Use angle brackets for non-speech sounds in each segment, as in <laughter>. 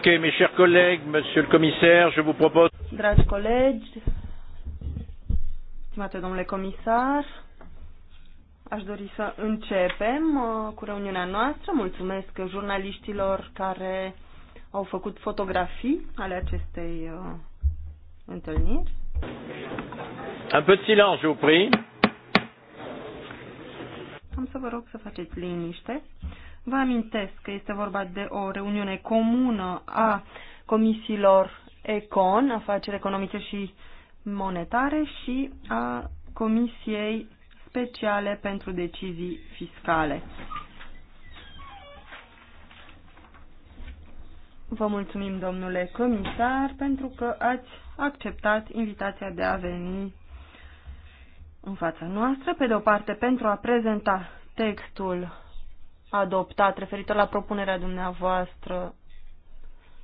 Ok, mes chers collègues, monsieur le commissaire, je vous propose... Dragi colegi, stimate domnule comisar, aș dori să începem uh, cu reuniunea noastră. Mulțumesc jurnaliștilor care au făcut fotografii ale acestei uh, întâlniri. Un peu de silence, je vous prie. Am să vă rog să faceți liniște. Vă amintesc că este vorba de o reuniune comună a comisiilor ECON, afaceri economice și monetare și a Comisiei Speciale pentru Decizii Fiscale. Vă mulțumim, domnule comisar, pentru că ați acceptat invitația de a veni în fața noastră, pe de o parte pentru a prezenta textul adoptat referitor la propunerea dumneavoastră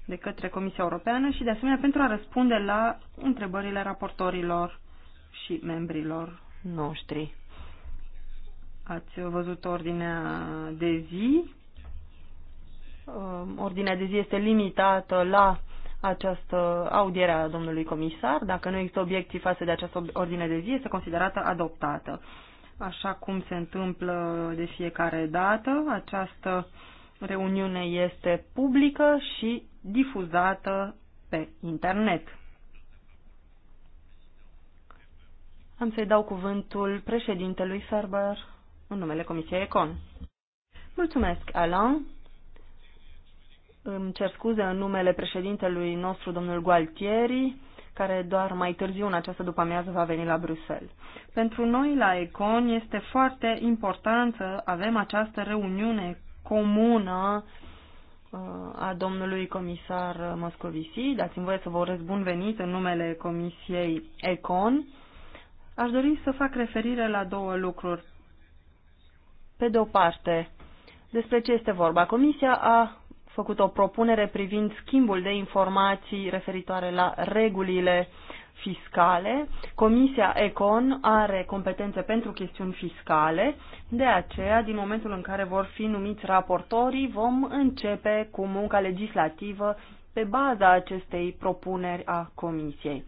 de către Comisia Europeană și, de asemenea, pentru a răspunde la întrebările raportorilor și membrilor noștri. Ați văzut ordinea de zi. Um, ordinea de zi este limitată la această audiere a domnului comisar. Dacă nu există obiecții față de această ordine de zi, este considerată adoptată așa cum se întâmplă de fiecare dată. Această reuniune este publică și difuzată pe internet. Am să-i dau cuvântul președintelui Ferber în numele Comisiei Econ. Mulțumesc, Alain. Îmi cer scuze în numele președintelui nostru, domnul Gualtieri, care doar mai târziu în această după-amiază va veni la Bruxelles. Pentru noi la Econ este foarte important să avem această reuniune comună uh, a domnului comisar Moscovici. Dați-mi voie să vă urez bun venit în numele Comisiei Econ. Aș dori să fac referire la două lucruri. Pe de o parte, despre ce este vorba? Comisia a făcut o propunere privind schimbul de informații referitoare la regulile fiscale. Comisia Econ are competențe pentru chestiuni fiscale, de aceea, din momentul în care vor fi numiți raportorii, vom începe cu munca legislativă pe baza acestei propuneri a Comisiei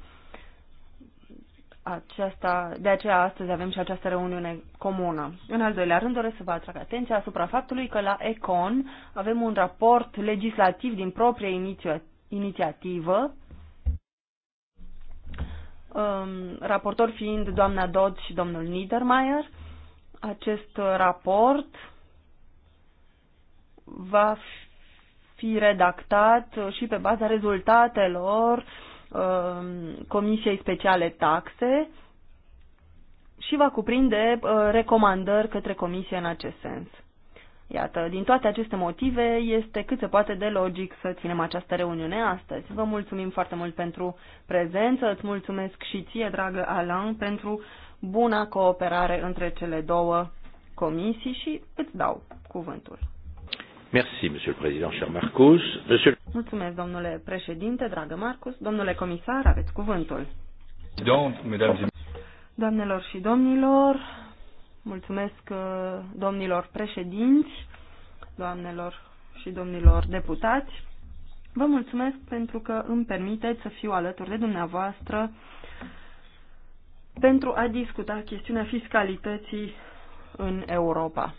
aceasta, de aceea astăzi avem și această reuniune comună. În al doilea rând doresc să vă atrag atenția asupra faptului că la ECON avem un raport legislativ din proprie inițio- inițiativă, um, raportor fiind doamna Dodd și domnul Niedermayer. Acest raport va fi redactat și pe baza rezultatelor uh, Um, Comisiei Speciale Taxe și va cuprinde uh, recomandări către Comisie în acest sens. Iată, din toate aceste motive, este cât se poate de logic să ținem această reuniune astăzi. Vă mulțumim foarte mult pentru prezență, îți mulțumesc și ție, dragă Alan pentru buna cooperare între cele două comisii și îți dau cuvântul. Merci, Monsieur le Président, cher Marcus. Monsieur... Mulțumesc, domnule președinte, dragă Marcus. Domnule comisar, aveți cuvântul. Doamnelor și domnilor, mulțumesc uh, domnilor președinți, doamnelor și domnilor deputați. Vă mulțumesc pentru că îmi permiteți să fiu alături de dumneavoastră pentru a discuta chestiunea fiscalității în Europa.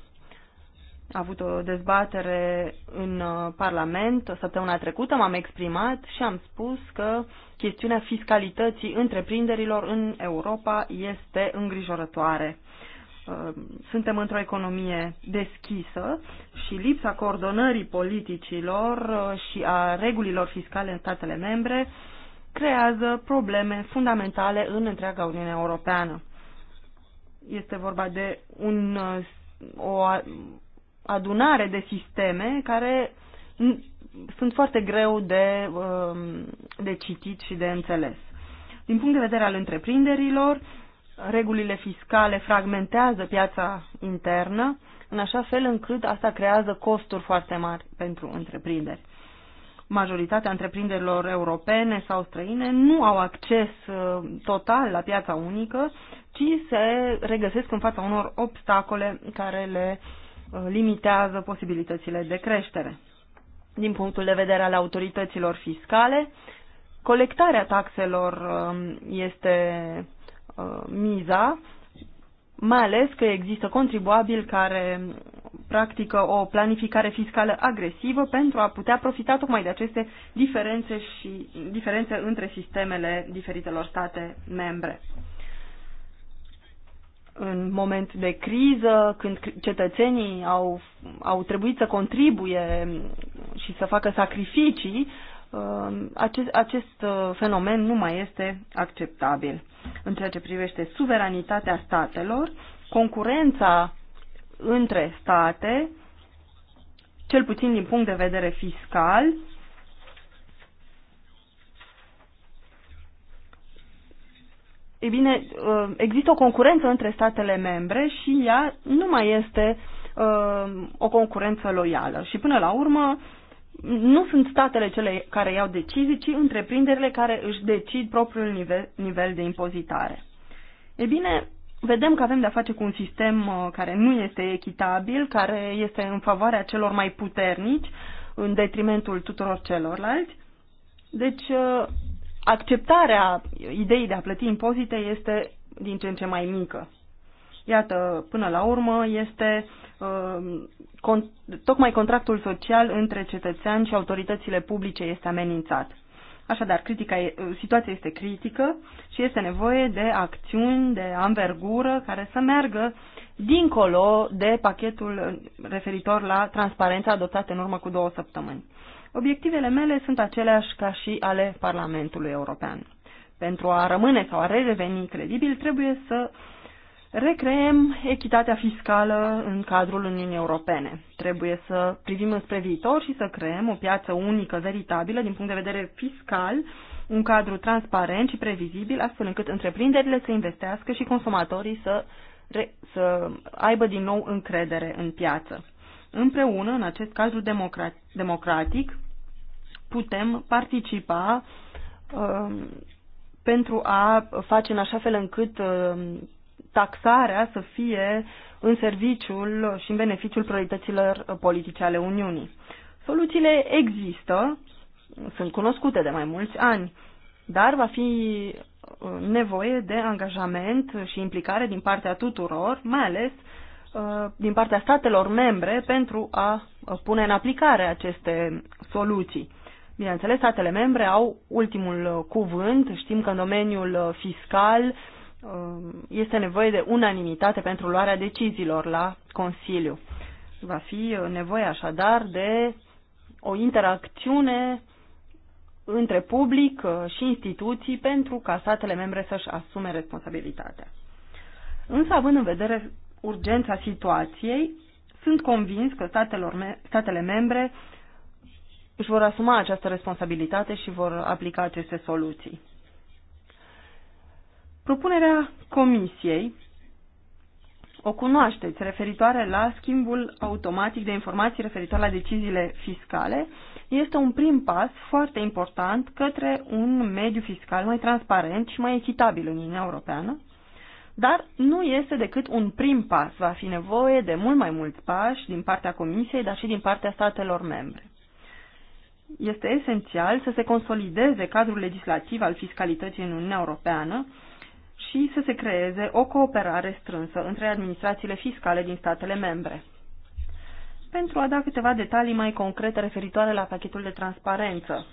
A avut o dezbatere în uh, Parlament săptămâna trecută, m-am exprimat și am spus că chestiunea fiscalității întreprinderilor în Europa este îngrijorătoare. Uh, suntem într-o economie deschisă și lipsa coordonării politicilor uh, și a regulilor fiscale în statele membre creează probleme fundamentale în întreaga Uniune Europeană. Este vorba de un, o, adunare de sisteme care sunt foarte greu de, um, de citit și de înțeles. Din punct de vedere al întreprinderilor, regulile fiscale fragmentează piața internă în așa fel încât asta creează costuri foarte mari pentru întreprinderi. Majoritatea întreprinderilor europene sau străine nu au acces uh, total la piața unică, ci se regăsesc în fața unor obstacole care le Uh, limitează posibilitățile de creștere. Din punctul de vedere al autorităților fiscale, colectarea taxelor um, este uh, miza, mai ales că există contribuabili care practică o planificare fiscală agresivă pentru a putea profita tocmai de aceste diferențe și diferențe între sistemele diferitelor state membre în moment de criză, când cetățenii au, au trebuit să contribuie și să facă sacrificii, uh, acest, acest uh, fenomen nu mai este acceptabil. În ceea ce privește suveranitatea statelor, concurența între state, cel puțin din punct de vedere fiscal, e bine, uh, există o concurență între statele membre și ea nu mai este uh, o concurență loială. Și până la urmă, nu sunt statele cele care iau decizii, ci întreprinderile care își decid propriul nivel, nivel de impozitare. E bine, vedem că avem de-a face cu un sistem uh, care nu este echitabil, care este în favoarea celor mai puternici, în detrimentul tuturor celorlalți. Deci, acceptarea ideii de a plăti impozite este din ce în ce mai mică. Iată, până la urmă, este uh, con tocmai contractul social între cetățean și autoritățile publice este amenințat. Așadar, critica e, uh, situația este critică și este nevoie de acțiuni de anvergură care să meargă dincolo de pachetul referitor la transparența adoptată în urmă cu două săptămâni. Obiectivele mele sunt aceleași ca și ale Parlamentului European. Pentru a rămâne sau a redeveni credibil, trebuie să recreem echitatea fiscală în cadrul Uniunii Europene. Trebuie să privim înspre viitor și să creăm o piață unică, veritabilă, din punct de vedere fiscal, un cadru transparent și previzibil, astfel încât întreprinderile să investească și consumatorii să, re, să aibă din nou încredere în piață împreună, în acest cadru democratic, putem participa um, pentru a face în așa fel încât um, taxarea să fie în serviciul și în beneficiul priorităților uh, politice ale Uniunii. Soluțiile există, sunt cunoscute de mai mulți ani, dar va fi uh, nevoie de angajament și implicare din partea tuturor, mai ales uh, Uh, din partea statelor membre pentru a uh, pune în aplicare aceste soluții. Bineînțeles, statele membre au ultimul uh, cuvânt. Știm că în domeniul fiscal este nevoie de unanimitate pentru luarea deciziilor la Consiliu. Va fi nevoie așadar de o interacțiune între public și instituții pentru ca statele membre să-și asume responsabilitatea. Însă, având în vedere urgența situației, sunt convins că statelor me statele membre își vor asuma această responsabilitate și vor aplica aceste soluții. Propunerea Comisiei o cunoașteți referitoare la schimbul automatic de informații referitoare la deciziile fiscale, este un prim pas foarte important către un mediu fiscal mai transparent și mai echitabil în Uniunea Europeană, dar nu este decât un prim pas. Va fi nevoie de mult mai mulți pași din partea Comisiei, dar și din partea statelor membre. Este esențial să se consolideze cadrul legislativ al fiscalității în Uniunea Europeană și să se creeze o cooperare strânsă între administrațiile fiscale din statele membre. Pentru a da câteva detalii mai concrete referitoare la pachetul de transparență,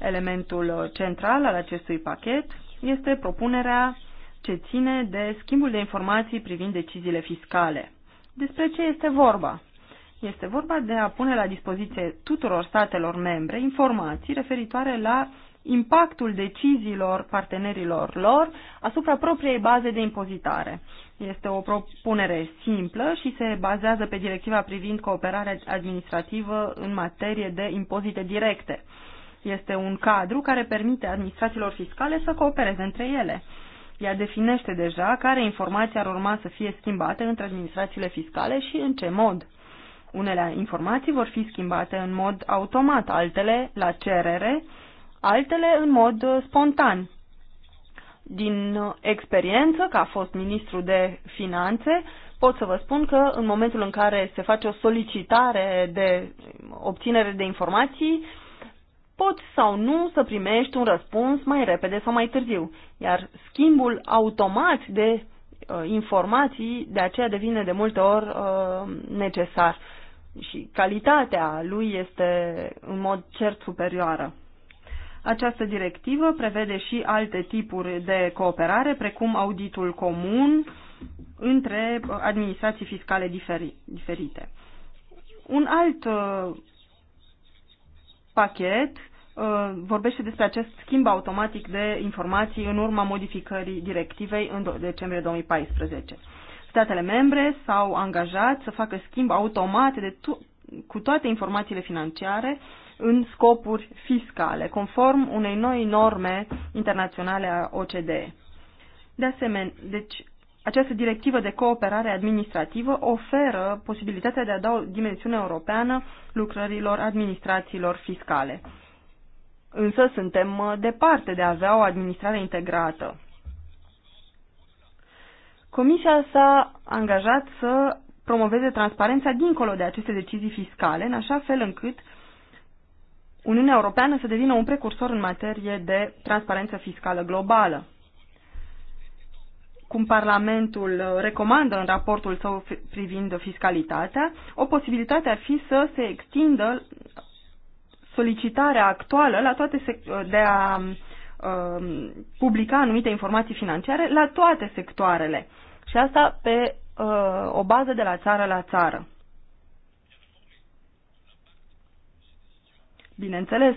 elementul central al acestui pachet este propunerea ce ține de schimbul de informații privind deciziile fiscale. Despre ce este vorba? Este vorba de a pune la dispoziție tuturor statelor membre informații referitoare la impactul deciziilor partenerilor lor asupra propriei baze de impozitare. Este o propunere simplă și se bazează pe directiva privind cooperarea administrativă în materie de impozite directe. Este un cadru care permite administrațiilor fiscale să coopereze între ele. Ea definește deja care informații ar urma să fie schimbate între administrațiile fiscale și în ce mod. Unele informații vor fi schimbate în mod automat, altele la cerere, altele în mod uh, spontan. Din uh, experiență, ca fost ministru de finanțe, pot să vă spun că în momentul în care se face o solicitare de obținere de informații, poți sau nu să primești un răspuns mai repede sau mai târziu. Iar schimbul automat de uh, informații de aceea devine de multe ori uh, necesar și calitatea lui este în mod cert superioară. Această directivă prevede și alte tipuri de cooperare, precum auditul comun între administrații fiscale diferi diferite. Un alt uh, pachet uh, vorbește despre acest schimb automatic de informații în urma modificării directivei în decembrie 2014. Statele membre s-au angajat să facă schimb automat de to- cu toate informațiile financiare în scopuri fiscale, conform unei noi norme internaționale a OCDE. De asemenea, deci această directivă de cooperare administrativă oferă posibilitatea de a da o dimensiune europeană lucrărilor administrațiilor fiscale. Însă suntem uh, departe de a avea o administrare integrată. Comisia s-a angajat să promoveze transparența dincolo de aceste decizii fiscale, în așa fel încât Uniunea Europeană să devină un precursor în materie de transparență fiscală globală cum Parlamentul uh, recomandă în raportul său privind fiscalitatea, o posibilitate ar fi să se extindă solicitarea actuală la toate uh, de a uh, publica anumite informații financiare la toate sectoarele și asta pe o bază de la țară la țară. Bineînțeles,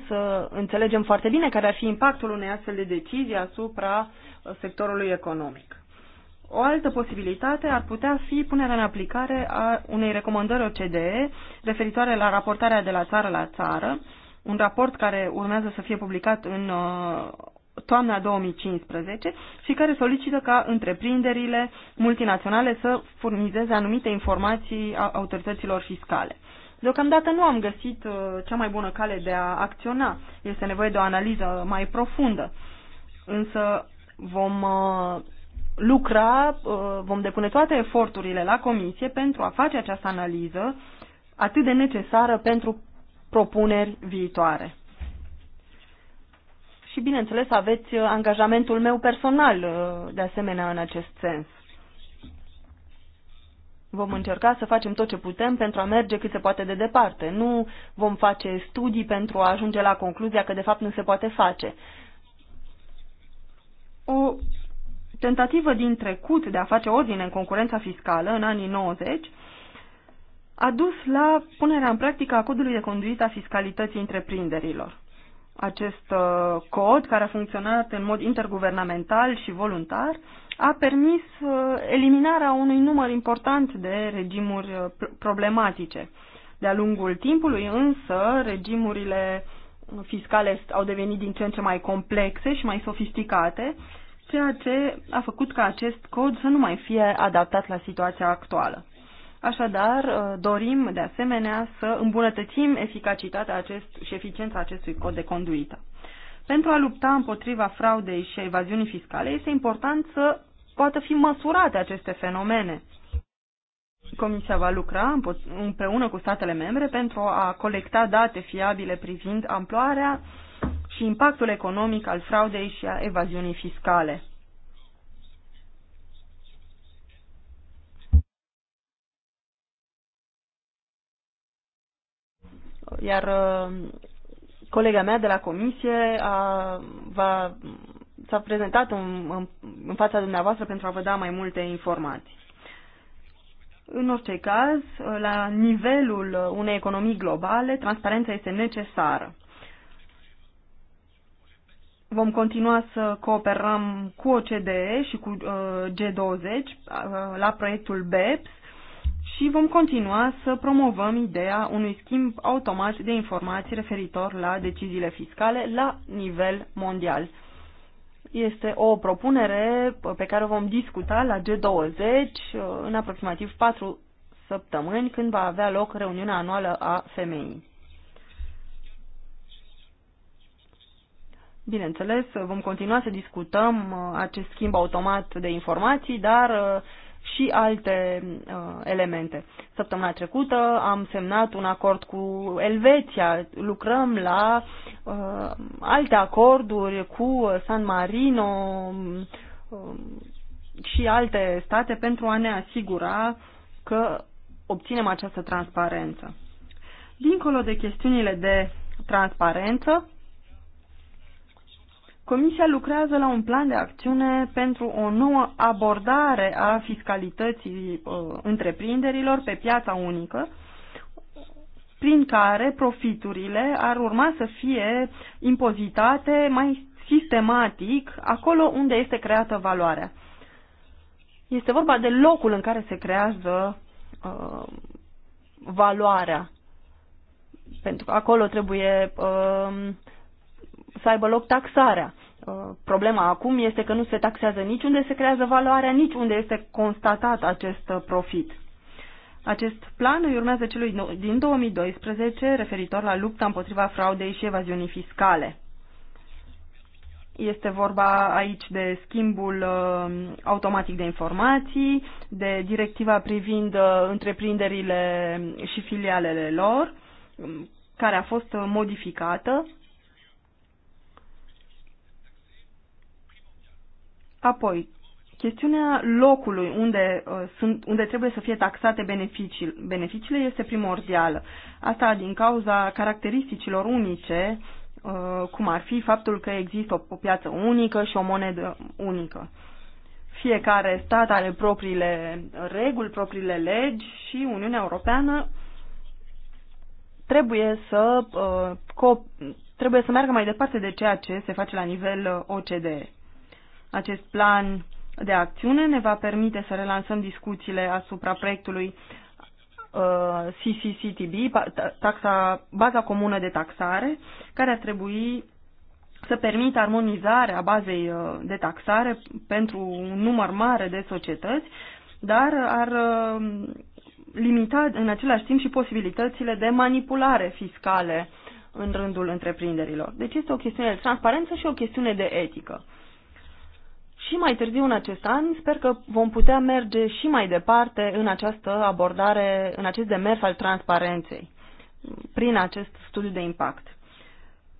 înțelegem foarte bine care ar fi impactul unei astfel de decizii asupra sectorului economic. O altă posibilitate ar putea fi punerea în aplicare a unei recomandări OCDE referitoare la raportarea de la țară la țară, un raport care urmează să fie publicat în uh, toamna 2015 și care solicită ca întreprinderile multinaționale să furnizeze anumite informații a autorităților fiscale. Deocamdată nu am găsit uh, cea mai bună cale de a acționa. Este nevoie de o analiză mai profundă. Însă vom uh, lucra, uh, vom depune toate eforturile la comisie pentru a face această analiză atât de necesară pentru propuneri viitoare. Și, bineînțeles, aveți uh, angajamentul meu personal, uh, de asemenea, în acest sens. Vom încerca să facem tot ce putem pentru a merge cât se poate de departe. Nu vom face studii pentru a ajunge la concluzia că, de fapt, nu se poate face. O tentativă din trecut de a face ordine în concurența fiscală în anii 90 a dus la punerea în practică a codului de conduită a fiscalității întreprinderilor. Acest uh, cod, care a funcționat în mod interguvernamental și voluntar, a permis uh, eliminarea unui număr important de regimuri uh, problematice. De-a lungul timpului, însă, regimurile fiscale au devenit din ce în ce mai complexe și mai sofisticate ceea ce a făcut ca acest cod să nu mai fie adaptat la situația actuală. Așadar, uh, dorim de asemenea să îmbunătățim eficacitatea acest, și eficiența acestui cod de conduită. Pentru a lupta împotriva fraudei și evaziunii fiscale, este important să poată fi măsurate aceste fenomene. Comisia va lucra împreună cu statele membre pentru a colecta date fiabile privind amploarea, și impactul economic al fraudei și a evaziunii fiscale. Iar uh, colega mea de la comisie a, va, s-a prezentat în, în, în fața dumneavoastră pentru a vă da mai multe informații. În orice caz, la nivelul unei economii globale, transparența este necesară. Vom continua să cooperăm cu OCDE și cu uh, G20 uh, la proiectul BEPS și vom continua să promovăm ideea unui schimb automat de informații referitor la deciziile fiscale la nivel mondial. Este o propunere pe care o vom discuta la G20 uh, în aproximativ 4 săptămâni când va avea loc reuniunea anuală a femeii. Bineînțeles, vom continua să discutăm uh, acest schimb automat de informații, dar uh, și alte uh, elemente. Săptămâna trecută am semnat un acord cu Elveția, lucrăm la alte acorduri cu San Marino um, și alte state pentru a ne asigura că obținem această transparență. Dincolo de chestiunile de transparență, Comisia lucrează la un plan de acțiune pentru o nouă abordare a fiscalității uh, întreprinderilor pe piața unică, prin care profiturile ar urma să fie impozitate mai sistematic acolo unde este creată valoarea. Este vorba de locul în care se creează uh, valoarea. Pentru că acolo trebuie uh, să aibă loc taxarea. Uh, problema acum este că nu se taxează nici unde se creează valoarea, nici unde este constatat acest uh, profit. Acest plan îi urmează celui din 2012 referitor la lupta împotriva fraudei și evaziunii fiscale. Este vorba aici de schimbul uh, automatic de informații, de directiva privind uh, întreprinderile și filialele lor, um, care a fost uh, modificată Apoi, chestiunea locului unde, uh, sunt, unde trebuie să fie taxate beneficiile, beneficiile este primordială. Asta din cauza caracteristicilor unice, uh, cum ar fi faptul că există o, o piață unică și o monedă unică. Fiecare stat are propriile reguli, propriile legi și Uniunea Europeană trebuie să, uh, trebuie să meargă mai departe de ceea ce se face la nivel uh, OCDE. Acest plan de acțiune ne va permite să relansăm discuțiile asupra proiectului uh, CCCTB, taxa, baza comună de taxare, care ar trebui să permită armonizarea bazei uh, de taxare pentru un număr mare de societăți, dar ar uh, limita în același timp și posibilitățile de manipulare fiscale în rândul întreprinderilor. Deci este o chestiune de transparență și o chestiune de etică. Și mai târziu în acest an sper că vom putea merge și mai departe în această abordare, în acest demers al transparenței, prin acest studiu de impact.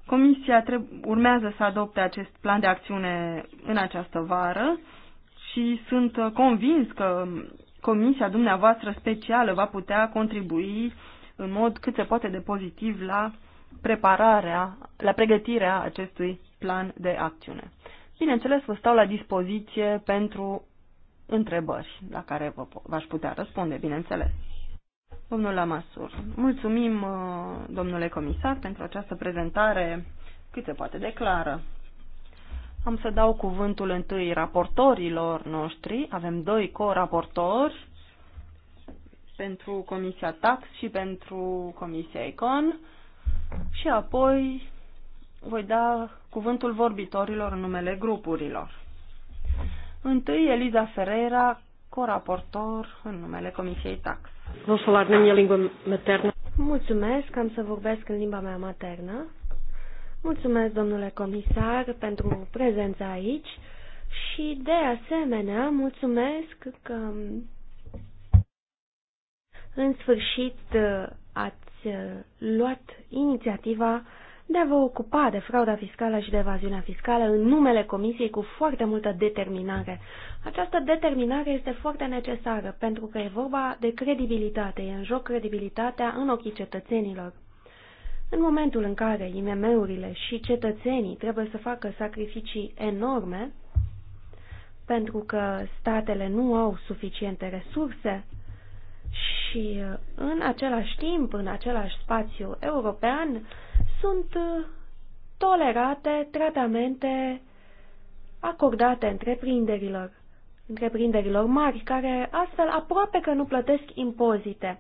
Comisia urmează să adopte acest plan de acțiune în această vară și sunt convins că comisia dumneavoastră specială va putea contribui în mod cât se poate de pozitiv la prepararea, la pregătirea acestui plan de acțiune. Bineînțeles, vă stau la dispoziție pentru întrebări la care v-aș putea răspunde, bineînțeles. Domnul Lamasur, mulțumim, uh, domnule comisar, pentru această prezentare cât se poate declară. Am să dau cuvântul întâi raportorilor noștri. Avem doi co-raportori pentru Comisia Tax și pentru Comisia Econ și apoi voi da cuvântul vorbitorilor în numele grupurilor. Întâi, Eliza Ferreira, coraportor în numele Comisiei Tax. Vă falar în limba maternă. Mulțumesc, am să vorbesc în limba mea maternă. Mulțumesc, domnule comisar, pentru prezența aici și, de asemenea, mulțumesc că în sfârșit ați luat inițiativa de a vă ocupa de frauda fiscală și de evaziunea fiscală în numele Comisiei cu foarte multă determinare. Această determinare este foarte necesară pentru că e vorba de credibilitate, e în joc credibilitatea în ochii cetățenilor. În momentul în care IMM-urile și cetățenii trebuie să facă sacrificii enorme, pentru că statele nu au suficiente resurse și în același timp, în același spațiu european, sunt uh, tolerate tratamente acordate întreprinderilor, întreprinderilor mari, care astfel aproape că nu plătesc impozite.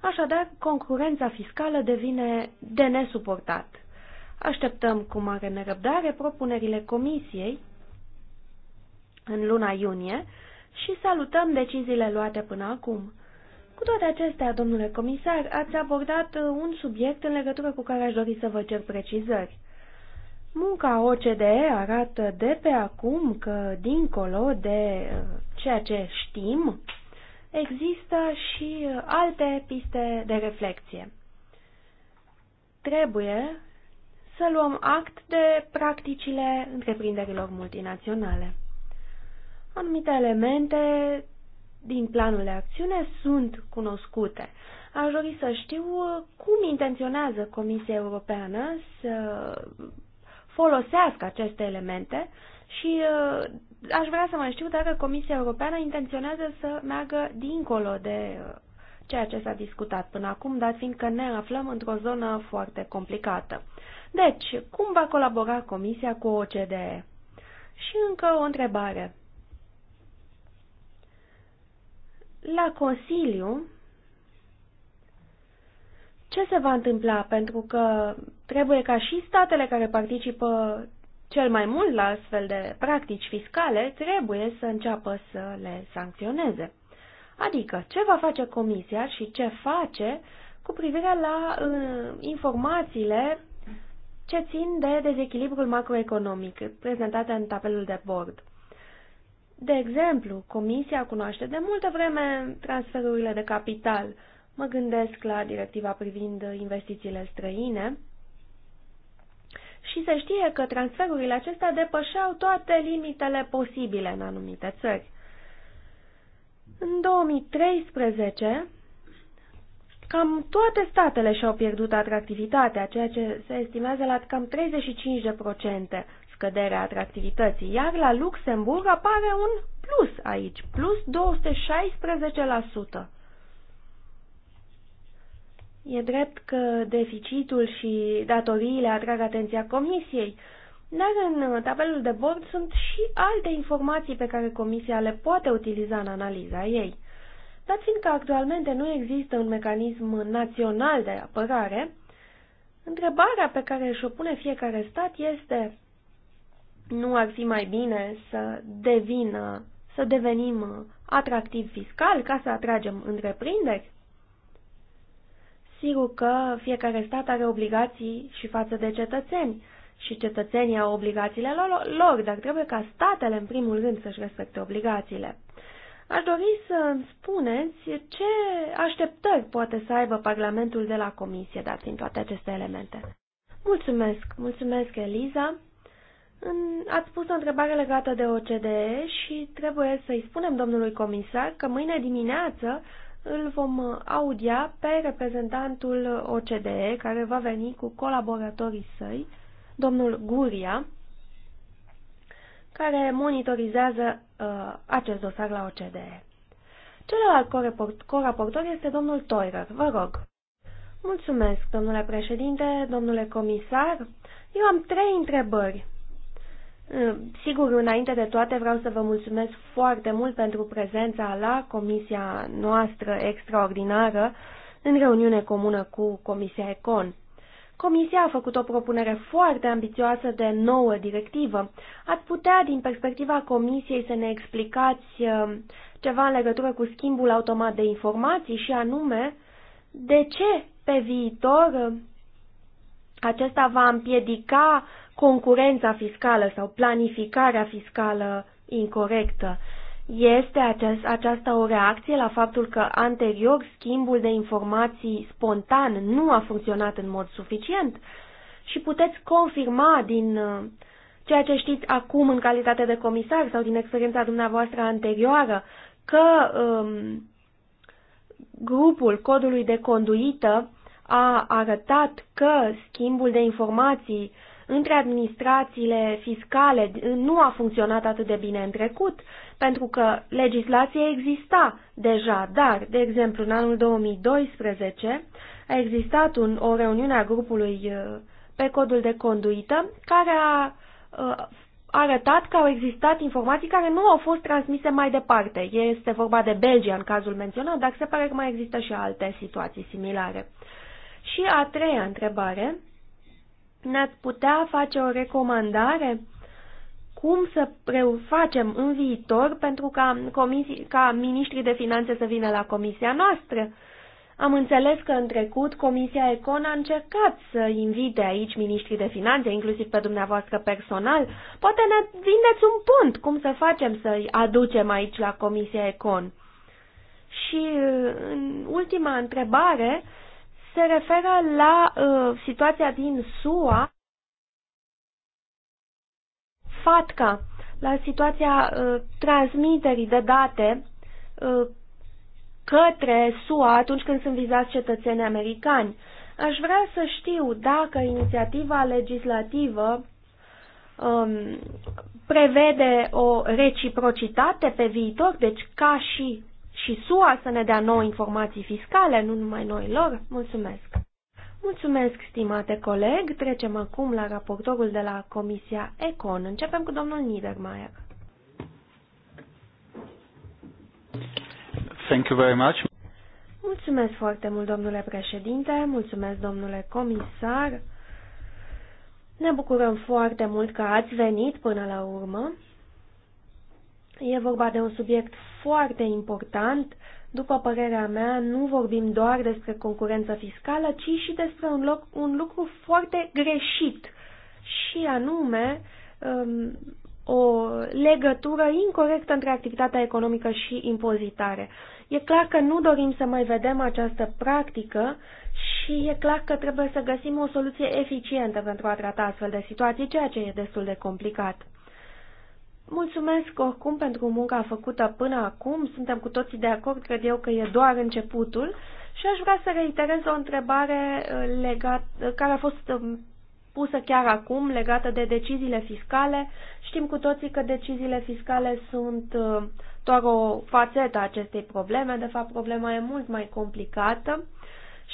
Așadar, concurența fiscală devine de nesuportat. Așteptăm cu mare nerăbdare propunerile Comisiei în luna iunie și salutăm deciziile luate până acum. Cu toate acestea, domnule comisar, ați abordat uh, un subiect în legătură cu care aș dori să vă cer precizări. Munca OCDE arată de pe acum că, dincolo de uh, ceea ce știm, există și uh, alte piste de reflexie. Trebuie să luăm act de practicile întreprinderilor multinaționale. Anumite elemente din planul de acțiune sunt cunoscute. Aș dori să știu cum intenționează Comisia Europeană să folosească aceste elemente și uh, aș vrea să mai știu dacă Comisia Europeană intenționează să meargă dincolo de uh, ceea ce s-a discutat până acum, dat fiindcă ne aflăm într-o zonă foarte complicată. Deci, cum va colabora Comisia cu OCDE? Și încă o întrebare. La Consiliu, ce se va întâmpla? Pentru că trebuie ca și statele care participă cel mai mult la astfel de practici fiscale trebuie să înceapă să le sancționeze. Adică, ce va face Comisia și ce face cu privire la uh, informațiile ce țin de dezechilibrul macroeconomic prezentate în tabelul de bord. De exemplu, Comisia cunoaște de multă vreme transferurile de capital. Mă gândesc la directiva privind investițiile străine. Și se știe că transferurile acestea depășeau toate limitele posibile în anumite țări. În 2013, cam toate statele și-au pierdut atractivitatea, ceea ce se estimează la cam 35%, scădere a atractivității, iar la Luxemburg apare un plus aici, plus 216%. E drept că deficitul și datoriile atrag atenția Comisiei, dar în tabelul de bord sunt și alte informații pe care Comisia le poate utiliza în analiza ei. Dar fiindcă actualmente nu există un mecanism național de apărare, întrebarea pe care își o pune fiecare stat este nu ar fi mai bine să devină, să devenim atractiv fiscal ca să atragem întreprinderi? Sigur că fiecare stat are obligații și față de cetățeni și cetățenii au obligațiile lor, dar trebuie ca statele în primul rând să-și respecte obligațiile. Aș dori să îmi spuneți ce așteptări poate să aibă Parlamentul de la Comisie, dar fiind toate aceste elemente. Mulțumesc, mulțumesc Eliza ați pus o întrebare legată de OCDE și trebuie să-i spunem domnului comisar că mâine dimineață îl vom audia pe reprezentantul OCDE care va veni cu colaboratorii săi, domnul Guria, care monitorizează uh, acest dosar la OCDE. Celălalt coraportor este domnul Toirer. Vă rog. Mulțumesc, domnule președinte, domnule comisar. Eu am trei întrebări Ă, sigur, înainte de toate vreau să vă mulțumesc foarte mult pentru prezența la comisia noastră extraordinară în reuniune comună cu Comisia Econ. Comisia a făcut o propunere foarte ambițioasă de nouă directivă. Ați putea, din perspectiva Comisiei, să ne explicați ă, ceva în legătură cu schimbul automat de informații și anume de ce pe viitor acesta va împiedica concurența fiscală sau planificarea fiscală incorrectă. Este aceast, aceasta o reacție la faptul că anterior schimbul de informații spontan nu a funcționat în mod suficient? Și puteți confirma din uh, ceea ce știți acum în calitate de comisar sau din experiența dumneavoastră anterioară că um, grupul codului de conduită a arătat că schimbul de informații între administrațiile fiscale nu a funcționat atât de bine în trecut, pentru că legislația exista deja, dar, de exemplu, în anul 2012 a existat un, o reuniune a grupului uh, pe codul de conduită care a, a uh, arătat că au existat informații care nu au fost transmise mai departe. Este vorba de Belgia în cazul menționat, dar se pare că mai există și alte situații similare. Și a treia întrebare, ne-ați putea face o recomandare? Cum să facem în viitor pentru ca, ca ministrii de finanțe să vină la comisia noastră? Am înțeles că în trecut Comisia Econ a încercat să invite aici ministrii de finanțe, inclusiv pe dumneavoastră personal. Poate ne vindeți un punct? cum să facem să-i aducem aici la Comisia Econ. Și în ultima întrebare, se referă la uh, situația din SUA, FATCA, la situația uh, transmiterii de date uh, către SUA atunci când sunt vizați cetățenii americani. Aș vrea să știu dacă inițiativa legislativă um, prevede o reciprocitate pe viitor, deci ca și și SUA să ne dea nouă informații fiscale, nu numai noi lor. Mulțumesc! Mulțumesc, stimate coleg. Trecem acum la raportorul de la Comisia Econ. Începem cu domnul Niedermayer. Thank you very much. Mulțumesc foarte mult, domnule președinte, mulțumesc, domnule comisar. Ne bucurăm foarte mult că ați venit până la urmă. E vorba de un subiect foarte important. După părerea mea, nu vorbim doar despre concurență fiscală, ci și despre un, loc, un lucru foarte greșit, și anume um, o legătură incorrectă între activitatea economică și impozitare. E clar că nu dorim să mai vedem această practică și e clar că trebuie să găsim o soluție eficientă pentru a trata astfel de situații, ceea ce e destul de complicat. Mulțumesc oricum pentru munca făcută până acum. Suntem cu toții de acord, cred eu că e doar începutul. Și aș vrea să reiterez o întrebare uh, legat, uh, care a fost um, pusă chiar acum legată de deciziile fiscale. Știm cu toții că deciziile fiscale sunt uh, doar o fațetă a acestei probleme. De fapt, problema e mult mai complicată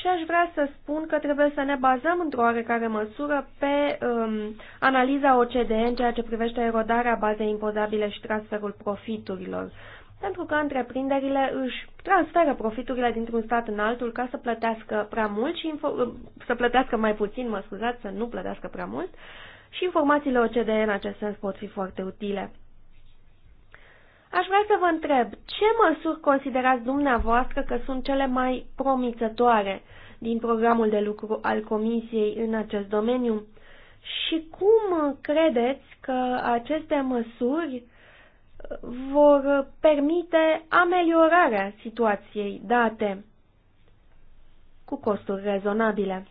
și aș vrea să spun că trebuie să ne bazăm într-o oarecare măsură pe um, analiza OCDE în ceea ce privește erodarea bazei impozabile și transferul profiturilor. Pentru că întreprinderile își transferă profiturile dintr-un stat în altul ca să plătească prea mult și um, să plătească mai puțin, mă scuzați, să nu plătească prea mult și informațiile OCDE în acest sens pot fi foarte utile. Aș vrea să vă întreb, ce măsuri considerați dumneavoastră că sunt cele mai promițătoare din programul de lucru al Comisiei în acest domeniu? Și cum credeți că aceste măsuri uh, vor permite ameliorarea situației date cu costuri rezonabile?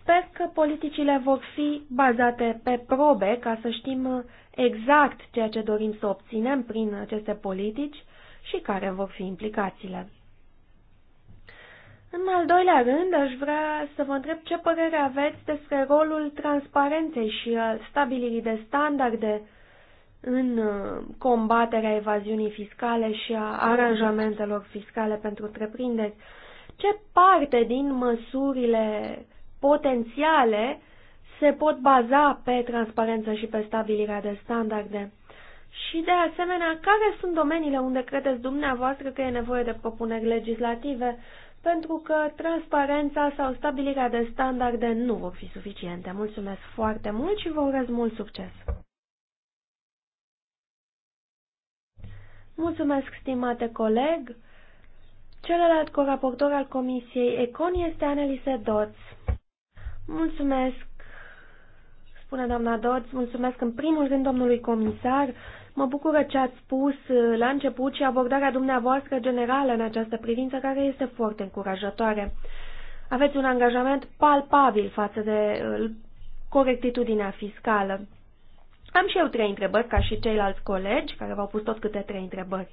Sper că politicile vor fi bazate pe probe ca să știm uh, exact ceea ce dorim să obținem prin aceste politici și care vor fi implicațiile. În al doilea rând, aș vrea să vă întreb ce părere aveți despre rolul transparenței și al stabilirii de standarde în uh, combaterea evaziunii fiscale și a aranjamentelor fiscale pentru întreprinderi. Ce parte din măsurile potențiale se pot baza pe transparență și pe stabilirea de standarde? Și, de asemenea, care sunt domeniile unde credeți dumneavoastră că e nevoie de propuneri legislative? Pentru că transparența sau stabilirea de standarde nu vor fi suficiente. Mulțumesc foarte mult și vă urez mult succes! Mulțumesc, stimate coleg! Celălalt coraportor al Comisiei Econ este Anelise Doț. Mulțumesc! Bună, doamna Dodds. Mulțumesc în primul rând domnului comisar. Mă bucură ce ați spus uh, la început și abordarea dumneavoastră generală în această privință, care este foarte încurajatoare. Aveți un angajament palpabil față de uh, corectitudinea fiscală. Am și eu trei întrebări, ca și ceilalți colegi, care v-au pus tot câte trei întrebări.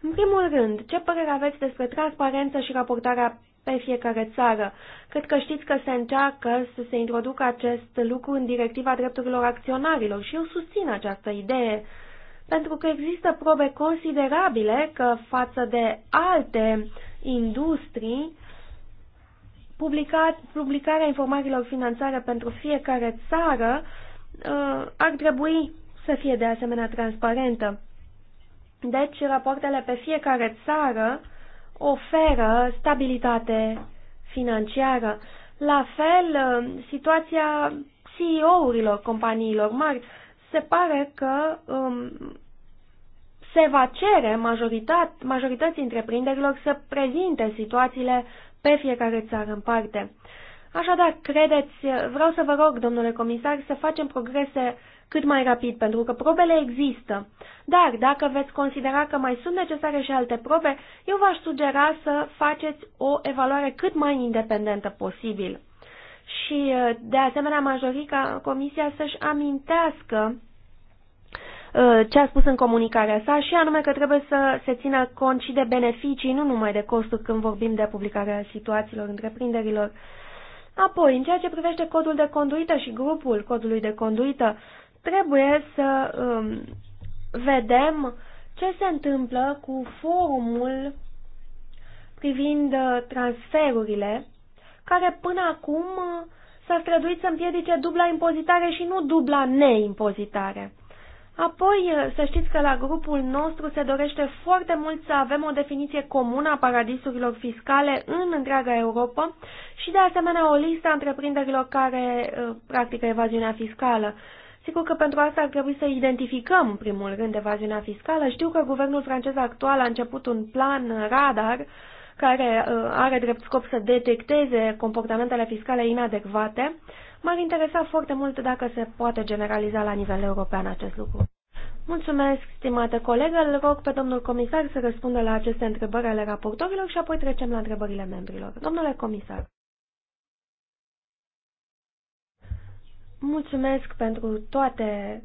În primul rând, ce părere aveți despre transparență și raportarea pe fiecare țară. Cred că știți că se încearcă să se introducă acest lucru în directiva drepturilor acționarilor și eu susțin această idee, pentru că există probe considerabile că față de alte industrii, publicarea informațiilor financiare pentru fiecare țară uh, ar trebui să fie de asemenea transparentă. Deci, rapoartele pe fiecare țară uh, oferă stabilitate financiară. La fel, uh, situația CEO-urilor companiilor mari se pare că um, se va cere majoritat, majorității întreprinderilor să prezinte situațiile pe fiecare țară în parte. Așadar, credeți, vreau să vă rog, domnule comisar, să facem progrese cât mai rapid, pentru că probele există. Dar dacă veți considera că mai sunt necesare și alte probe, eu v-aș sugera să faceți o evaluare cât mai independentă posibil. Și, uh, de asemenea, m-aș dori ca Comisia să-și amintească uh, ce a spus în comunicarea sa și anume că trebuie să se țină cont și de beneficii, nu numai de costuri când vorbim de publicarea situațiilor întreprinderilor. Apoi, în ceea ce privește codul de conduită și grupul codului de conduită, Trebuie să um, vedem ce se întâmplă cu forumul privind uh, transferurile, care până acum uh, s-a străduit să împiedice dubla impozitare și nu dubla neimpozitare. Apoi, uh, să știți că la grupul nostru se dorește foarte mult să avem o definiție comună a paradisurilor fiscale în întreaga Europa și, de asemenea, o listă a întreprinderilor care practică evaziunea fiscală. Sigur că pentru asta ar trebui să identificăm, în primul rând, evaziunea fiscală. Știu că guvernul francez actual a început un plan radar care uh, are drept scop să detecteze comportamentele fiscale inadecvate. M-ar interesa foarte mult dacă se poate generaliza la nivel european acest lucru. Mulțumesc, stimate colegă. Îl rog pe domnul comisar să răspundă la aceste întrebări ale raportorilor și apoi trecem la întrebările membrilor. Domnule comisar. Mulțumesc pentru toate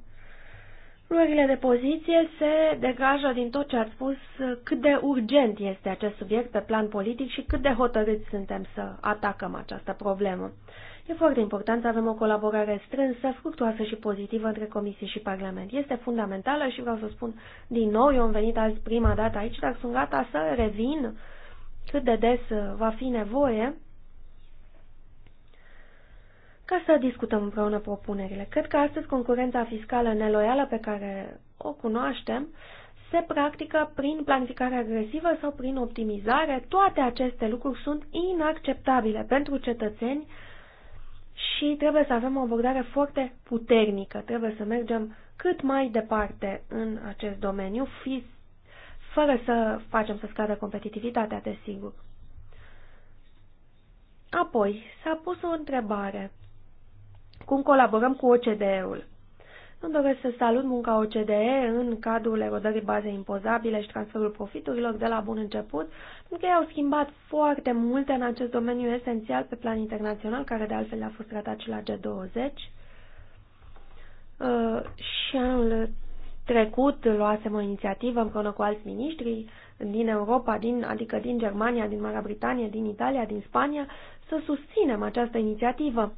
Luările de poziție se degajă din tot ce ați spus cât de urgent este acest subiect pe plan politic și cât de hotărâți suntem să atacăm această problemă. E foarte important să avem o colaborare strânsă, fructuoasă și pozitivă între Comisie și Parlament. Este fundamentală și vreau să spun din nou, eu am venit azi prima dată aici, dar sunt gata să revin cât de des va fi nevoie ca să discutăm împreună propunerile. Cred că astăzi concurența fiscală neloială pe care o cunoaștem se practică prin planificare agresivă sau prin optimizare. Toate aceste lucruri sunt inacceptabile pentru cetățeni și trebuie să avem o abordare foarte puternică. Trebuie să mergem cât mai departe în acest domeniu, fără să facem să scadă competitivitatea, desigur. Apoi, s-a pus o întrebare cum colaborăm cu OCDE-ul. Îmi doresc să salut munca OCDE în cadrul erodării bazei impozabile și transferul profiturilor de la bun început, pentru că ei au schimbat foarte multe în acest domeniu esențial pe plan internațional, care de altfel a fost tratat și la G20. Uh, și anul trecut luasem o inițiativă împreună cu alți miniștri din Europa, din, adică din Germania, din Marea Britanie, din Italia, din Spania, să susținem această inițiativă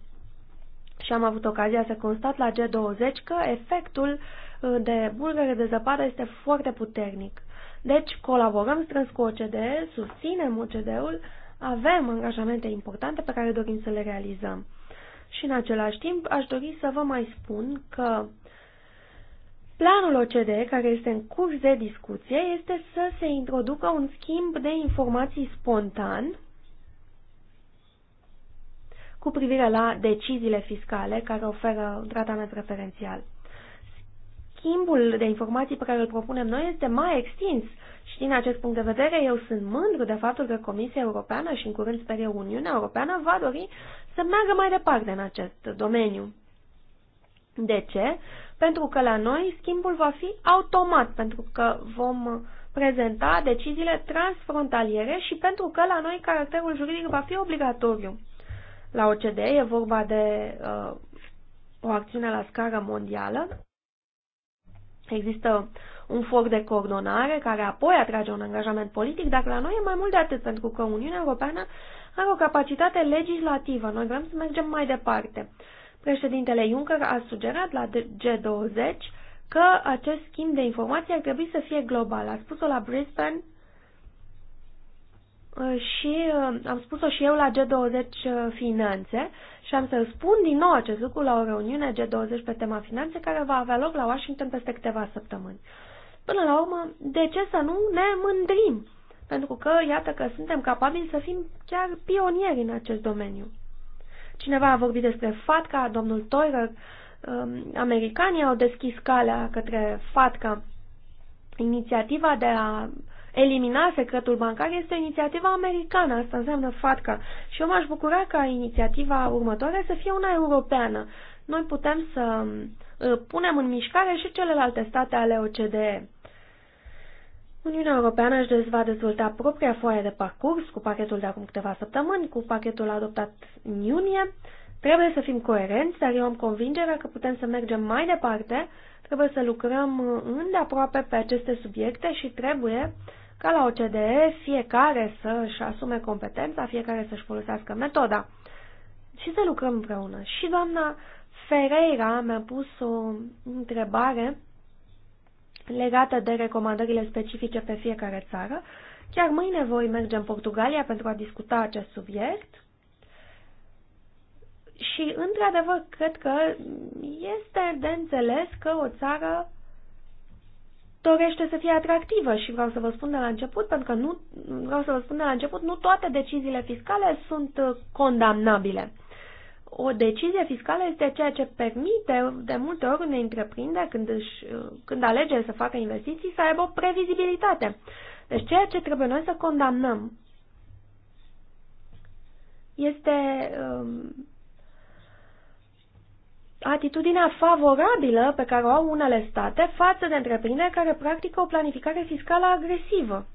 și am avut ocazia să constat la G20 că efectul uh, de bulgăre de zăpadă este foarte puternic. Deci colaborăm strâns cu OCD, susținem ocd ul avem angajamente importante pe care dorim să le realizăm. Și în același timp aș dori să vă mai spun că Planul OCD, care este în curs de discuție, este să se introducă un schimb de informații spontan cu privire la deciziile fiscale care oferă un tratament preferențial. Schimbul de informații pe care îl propunem noi este mai extins și din acest punct de vedere eu sunt mândru de faptul că Comisia Europeană și în curând sper eu Uniunea Europeană va dori să meargă mai departe în acest domeniu. De ce? Pentru că la noi schimbul va fi automat, pentru că vom prezenta deciziile transfrontaliere și pentru că la noi caracterul juridic va fi obligatoriu la OCDE, e vorba de uh, o acțiune la scară mondială. Există un foc de coordonare care apoi atrage un angajament politic, dar la noi e mai mult de atât, pentru că Uniunea Europeană are o capacitate legislativă. Noi vrem să mergem mai departe. Președintele Juncker a sugerat la G20 că acest schimb de informații ar trebui să fie global. A spus-o la Brisbane Uh, și uh, am spus-o și eu la G20 uh, Finanțe și am să spun din nou acest lucru la o reuniune G20 pe tema finanțe care va avea loc la Washington peste câteva săptămâni. Până la urmă, de ce să nu ne mândrim? Pentru că, iată că suntem capabili să fim chiar pionieri în acest domeniu. Cineva a vorbit despre FATCA, domnul Teurer, um, americanii au deschis calea către FATCA, inițiativa de a elimina secretul bancar este o inițiativă americană, asta înseamnă FATCA. Și eu m-aș bucura ca inițiativa următoare să fie una europeană. Noi putem să uh, punem în mișcare și celelalte state ale OCDE. Uniunea Europeană își va dezvolta propria foaie de parcurs cu pachetul de acum câteva săptămâni, cu pachetul adoptat în iunie. Trebuie să fim coerenți, dar eu am convingerea că putem să mergem mai departe, trebuie să lucrăm îndeaproape pe aceste subiecte și trebuie ca la OCDE fiecare să-și asume competența, fiecare să-și folosească metoda și să lucrăm împreună. Și doamna Ferreira mi-a pus o întrebare legată de recomandările specifice pe fiecare țară. Chiar mâine voi merge în Portugalia pentru a discuta acest subiect. Și, într-adevăr, cred că este de înțeles că o țară dorește să fie atractivă și vreau să vă spun de la început, pentru că nu, vreau să vă spun de la început, nu toate deciziile fiscale sunt uh, condamnabile. O decizie fiscală este ceea ce permite de multe ori unei întreprinderi când, își, uh, când alege să facă investiții să aibă o previzibilitate. Deci ceea ce trebuie noi să condamnăm este um, atitudinea favorabilă pe care o au unele state față de întreprinderi care practică o planificare fiscală agresivă.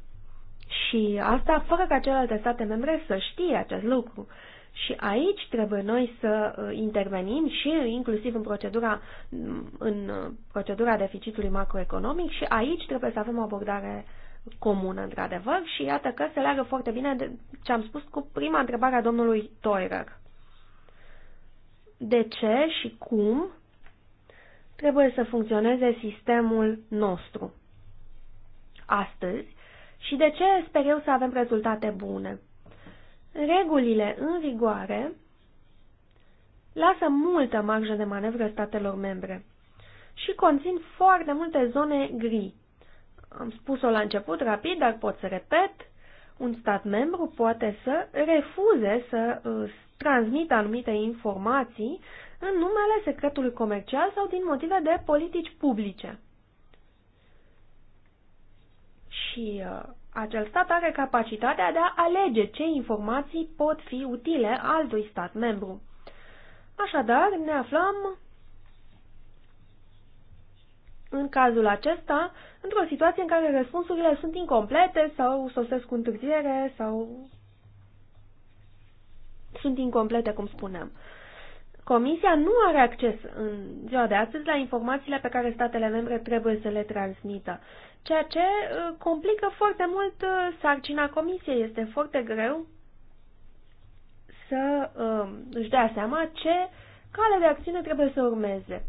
Și asta fără ca celelalte state membre să știe acest lucru. Și aici trebuie noi să uh, intervenim și inclusiv în procedura, mm, în uh, procedura deficitului macroeconomic și aici trebuie să avem o abordare comună, într-adevăr, și iată că se leagă foarte bine de ce am spus cu prima întrebare a domnului Toirer de ce și cum trebuie să funcționeze sistemul nostru astăzi și de ce sper eu să avem rezultate bune. Regulile în vigoare lasă multă marjă de manevră statelor membre și conțin foarte multe zone gri. Am spus-o la început rapid, dar pot să repet un stat membru poate să refuze să uh, transmită anumite informații în numele secretului comercial sau din motive de politici publice. Și uh, acel stat are capacitatea de a alege ce informații pot fi utile altui stat membru. Așadar, ne aflăm în cazul acesta într-o situație în care răspunsurile sunt incomplete sau sosesc cu întârziere sau sunt incomplete, cum spuneam. Comisia nu are acces în ziua de astăzi la informațiile pe care statele membre trebuie să le transmită, ceea ce uh, complică foarte mult uh, sarcina Comisiei. Este foarte greu să uh, își dea seama ce cale de acțiune trebuie să urmeze.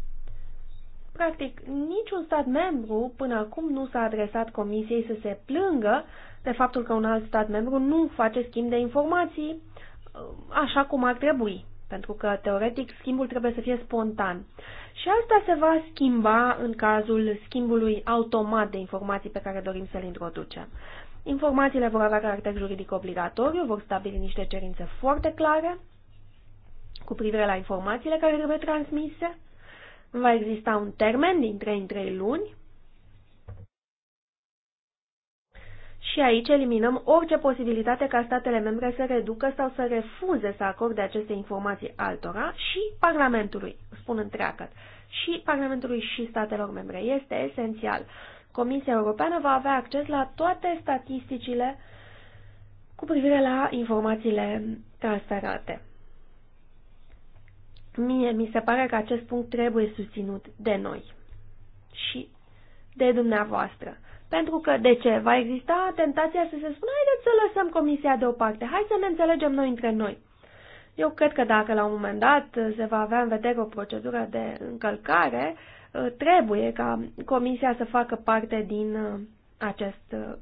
Practic, niciun stat membru până acum nu s-a adresat Comisiei să se plângă de faptul că un alt stat membru nu face schimb de informații uh, așa cum ar trebui, pentru că, teoretic, schimbul trebuie să fie spontan. Și asta se va schimba în cazul schimbului automat de informații pe care dorim să-l introducem. Informațiile vor avea caracter juridic obligatoriu, vor stabili niște cerințe foarte clare cu privire la informațiile care trebuie transmise va exista un termen din 3 în 3 luni și aici eliminăm orice posibilitate ca statele membre să reducă sau să refuze să acorde aceste informații altora și Parlamentului, spun întreagă, și Parlamentului și statelor membre. Este esențial. Comisia Europeană va avea acces la toate statisticile cu privire la informațiile transferate. Mie mi se pare că acest punct trebuie susținut de noi și de dumneavoastră. Pentru că, de ce? Va exista tentația să se spună, haideți să lăsăm comisia deoparte, hai să ne înțelegem noi între noi. Eu cred că dacă la un moment dat se va avea în vedere o procedură de încălcare, trebuie ca comisia să facă parte din uh, acest uh,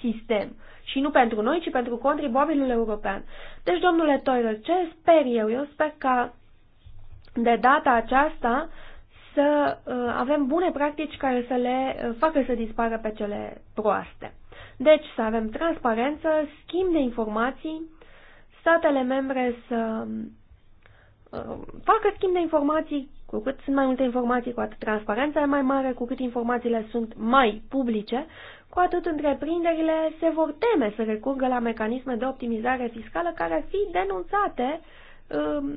sistem. Și nu pentru noi, ci pentru contribuabilul european. Deci, domnule Toiler, ce sper eu? Eu sper ca de data aceasta să uh, avem bune practici care să le uh, facă să dispară pe cele proaste. Deci să avem transparență, schimb de informații, statele membre să uh, facă schimb de informații, cu cât sunt mai multe informații, cu atât transparența e mai mare, cu cât informațiile sunt mai publice, cu atât întreprinderile se vor teme să recurgă la mecanisme de optimizare fiscală care ar fi denunțate um,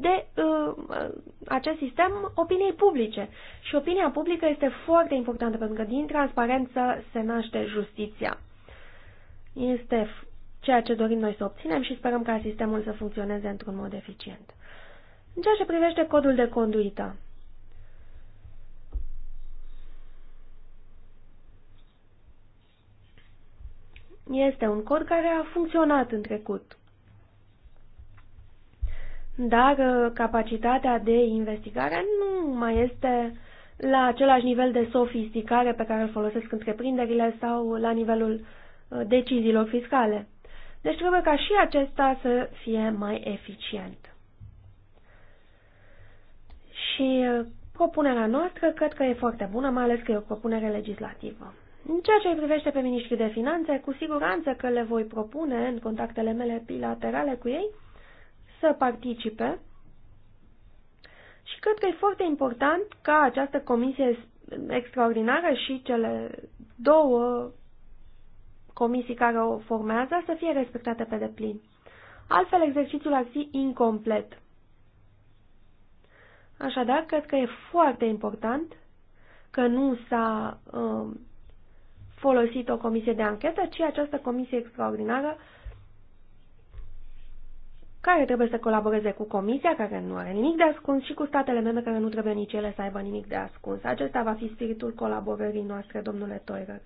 de uh, acest sistem opiniei publice. Și opinia publică este foarte importantă, pentru că din transparență se naște justiția. Este ceea ce dorim noi să obținem și sperăm ca sistemul să funcționeze într-un mod eficient. În ceea ce privește codul de conduită, este un cod care a funcționat în trecut dar uh, capacitatea de investigare nu mai este la același nivel de sofisticare pe care îl folosesc întreprinderile sau la nivelul uh, deciziilor fiscale. Deci trebuie ca și acesta să fie mai eficient. Și uh, propunerea noastră cred că e foarte bună, mai ales că e o propunere legislativă. În ceea ce îi privește pe ministrii de finanțe, cu siguranță că le voi propune în contactele mele bilaterale cu ei să participe și cred că e foarte important ca această comisie extraordinară și cele două comisii care o formează să fie respectate pe deplin. Altfel, exercițiul ar fi incomplet. Așadar, cred că e foarte important că nu s-a um, folosit o comisie de anchetă, ci această comisie extraordinară care trebuie să colaboreze cu Comisia, care nu are nimic de ascuns, și cu statele membre, care nu trebuie nici ele să aibă nimic de ascuns. Acesta va fi spiritul colaborării noastre, domnule Toirer.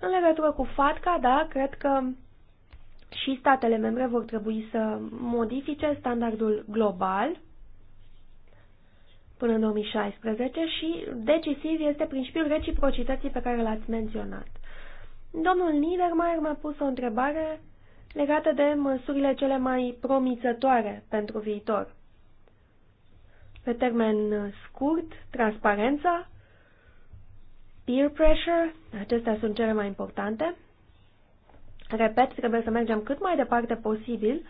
În legătură cu FATCA, da, cred că și statele membre vor trebui să modifice standardul global până în 2016 și decisiv este principiul reciprocității pe care l-ați menționat. Domnul Niedermayer m a pus o întrebare legată de măsurile cele mai promițătoare pentru viitor. Pe termen scurt, transparența, peer pressure, acestea sunt cele mai importante. Repet, trebuie să mergem cât mai departe posibil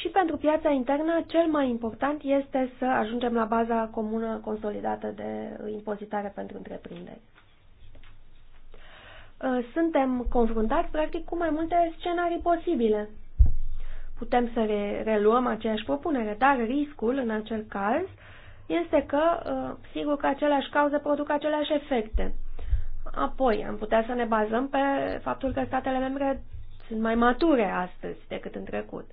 și pentru piața internă cel mai important este să ajungem la baza comună consolidată de impozitare pentru întreprinderi. Uh, suntem confruntați practic cu mai multe scenarii posibile. Putem să re reluăm aceeași propunere, dar riscul în acel caz este că, uh, sigur că aceleași cauze produc aceleași efecte. Apoi, am putea să ne bazăm pe faptul că statele membre sunt mai mature astăzi decât în trecut.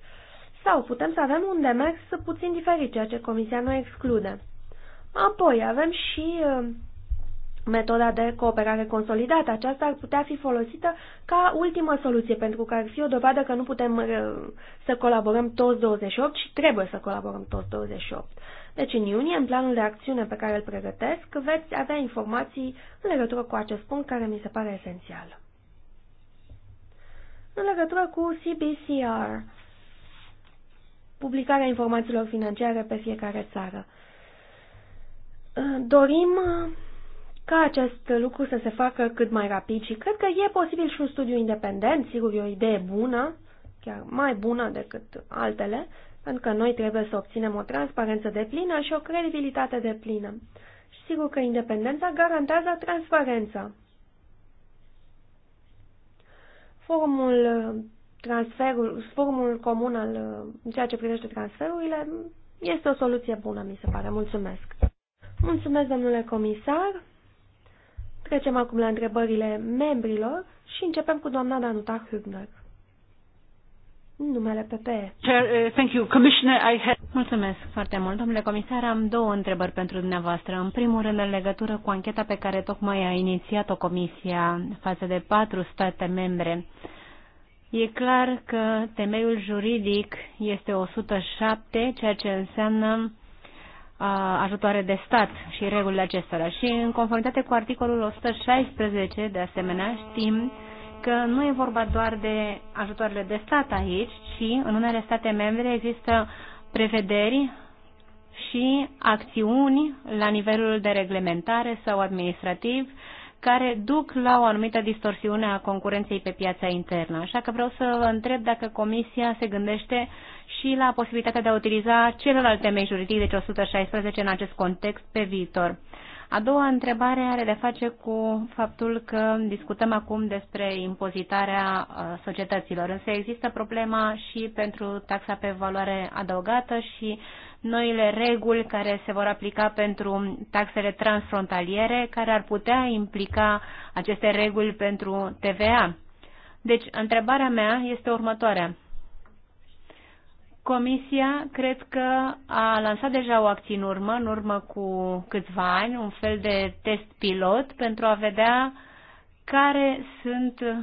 Sau putem să avem un demers puțin diferit, ceea ce Comisia nu exclude. Apoi, avem și uh, metoda de cooperare consolidată. Aceasta ar putea fi folosită ca ultimă soluție, pentru că ar fi o dovadă că nu putem uh, să colaborăm toți 28 și trebuie să colaborăm toți 28. Deci, în iunie, în planul de acțiune pe care îl pregătesc, veți avea informații în legătură cu acest punct care mi se pare esențial. În legătură cu CBCR, publicarea informațiilor financiare pe fiecare țară. Uh, dorim uh, ca acest lucru să se facă cât mai rapid și cred că e posibil și un studiu independent, sigur e o idee bună, chiar mai bună decât altele, pentru că noi trebuie să obținem o transparență de plină și o credibilitate de plină. Și sigur că independența garantează transparența. Formul transferul, formul comun al în ceea ce privește transferurile este o soluție bună, mi se pare. Mulțumesc. Mulțumesc, domnule comisar. Trecem acum la întrebările membrilor și începem cu doamna Danuta Hübner. Numele PPE. Uh, thank you, Commissioner. I have... Mulțumesc foarte mult, domnule comisar. Am două întrebări pentru dumneavoastră. În primul rând, în legătură cu ancheta pe care tocmai a inițiat-o Comisia față de patru state membre. E clar că temeiul juridic este 107, ceea ce înseamnă ajutoare de stat și regulile acestora. Și în conformitate cu articolul 116, de asemenea, știm că nu e vorba doar de ajutoarele de stat aici, ci în unele state membre există prevederi și acțiuni la nivelul de reglementare sau administrativ uh, care duc la o anumită distorsiune a concurenței pe piața internă. Așa că vreau să vă întreb dacă Comisia se gândește și la posibilitatea de a utiliza celelalte temei juridice, deci 116, în acest context pe viitor. A doua întrebare are de face cu faptul că discutăm acum despre impozitarea uh, societăților, însă există problema și pentru taxa pe valoare adăugată și noile reguli care se vor aplica pentru taxele transfrontaliere, care ar putea implica aceste reguli pentru TVA. Deci, întrebarea mea este următoarea. Comisia cred că a lansat deja o acție în urmă, în urmă cu câțiva ani, un fel de test pilot pentru a vedea care sunt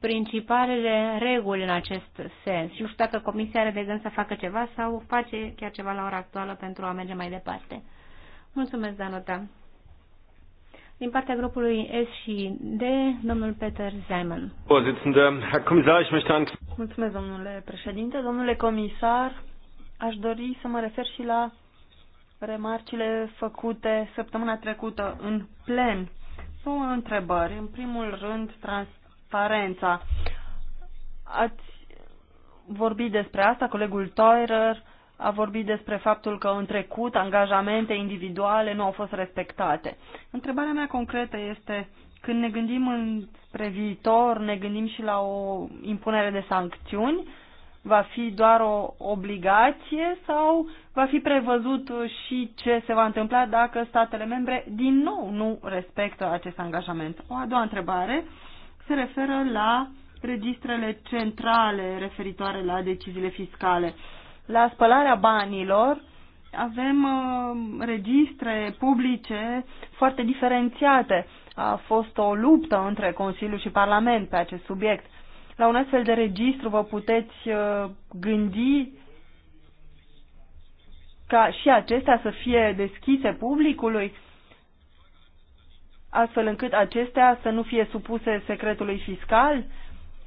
principalele reguli în acest sens. Și nu știu dacă Comisia are de gând să facă ceva sau face chiar ceva la ora actuală pentru a merge mai departe. Mulțumesc, Danuta. Din partea grupului S și D, domnul Peter Zeman. Mulțumesc, domnule președinte. Domnule comisar, aș dori să mă refer și la remarcile făcute săptămâna trecută în plen. Două întrebări. În primul rând, transparența. Ați vorbit despre asta, colegul Teurer a vorbit despre faptul că în trecut angajamente individuale nu au fost respectate. Întrebarea mea concretă este, când ne gândim spre viitor, ne gândim și la o impunere de sancțiuni? Va fi doar o obligație sau va fi prevăzut și ce se va întâmpla dacă statele membre din nou nu respectă acest angajament? O a doua întrebare se referă la registrele centrale referitoare la deciziile fiscale la spălarea banilor avem uh, registre publice foarte diferențiate. A fost o luptă între Consiliu și Parlament pe acest subiect. La un astfel de registru vă puteți uh, gândi ca și acestea să fie deschise publicului, astfel încât acestea să nu fie supuse secretului fiscal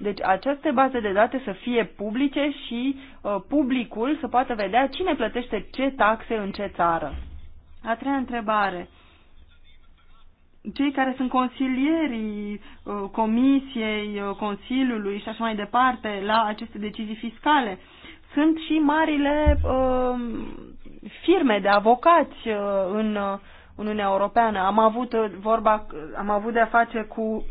deci aceste baze de date să fie publice și uh, publicul să poată vedea cine plătește ce taxe în ce țară. A treia întrebare. Cei care sunt consilierii uh, Comisiei, uh, Consiliului și așa mai departe la aceste decizii fiscale sunt și marile uh, firme de avocați uh, în uh, Uniunea Europeană. Am avut uh, vorba, uh, am avut de-a face cu,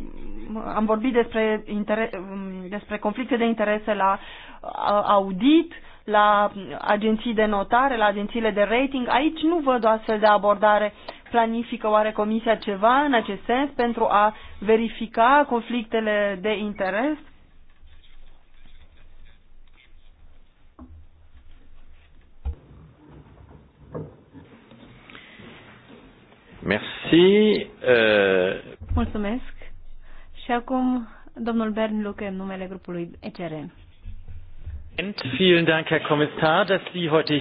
am vorbit despre, inter, um, despre conflicte de interese la uh, audit, la agenții de notare, la agențiile de rating. Aici nu văd o astfel de abordare. Planifică oare Comisia ceva în acest sens pentru a verifica conflictele de interes? Merci. Euh... Mulțumesc. Și acum domnul Bern Luke în numele grupului ECR.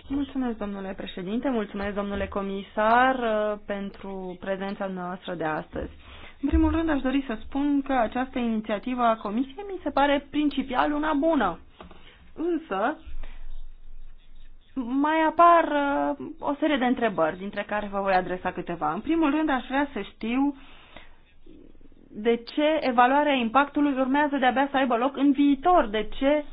Mulțumesc, domnule președinte, mulțumesc, domnule comisar, uh, pentru prezența noastră de astăzi. În primul rând, aș dori să spun că această inițiativă a Comisiei mi se pare principial una bună. Însă, mai apar uh, o serie de întrebări, dintre care vă voi adresa câteva. În primul rând, aș vrea să știu de ce evaluarea impactului urmează de-abia să aibă loc în viitor, de ce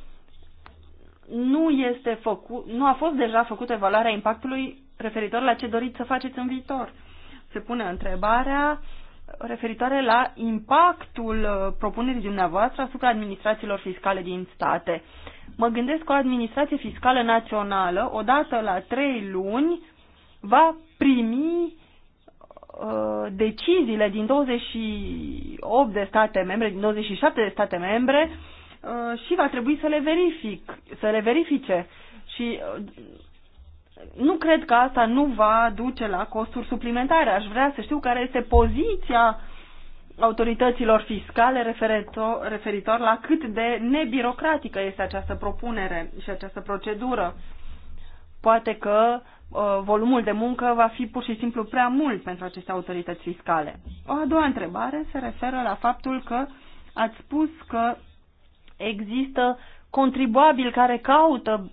nu, este făcu- nu a fost deja făcută evaluarea impactului referitor la ce doriți să faceți în viitor. Se pune întrebarea referitoare la impactul uh, propunerii dumneavoastră asupra administrațiilor fiscale din state. Mă gândesc că o administrație fiscală națională, odată la trei luni, va primi uh, deciziile din 28 de state membre, din 27 de state membre uh, și va trebui să le, verific, să le verifice. Și uh, nu cred că asta nu va duce la costuri suplimentare. Aș vrea să știu care este poziția uh, autorităților fiscale referitor, referitor la cât de nebirocratică este această propunere și această procedură. Poate că uh, volumul de muncă va fi pur și simplu prea mult pentru aceste autorități fiscale. O a doua întrebare se referă la faptul că ați spus că există contribuabili care caută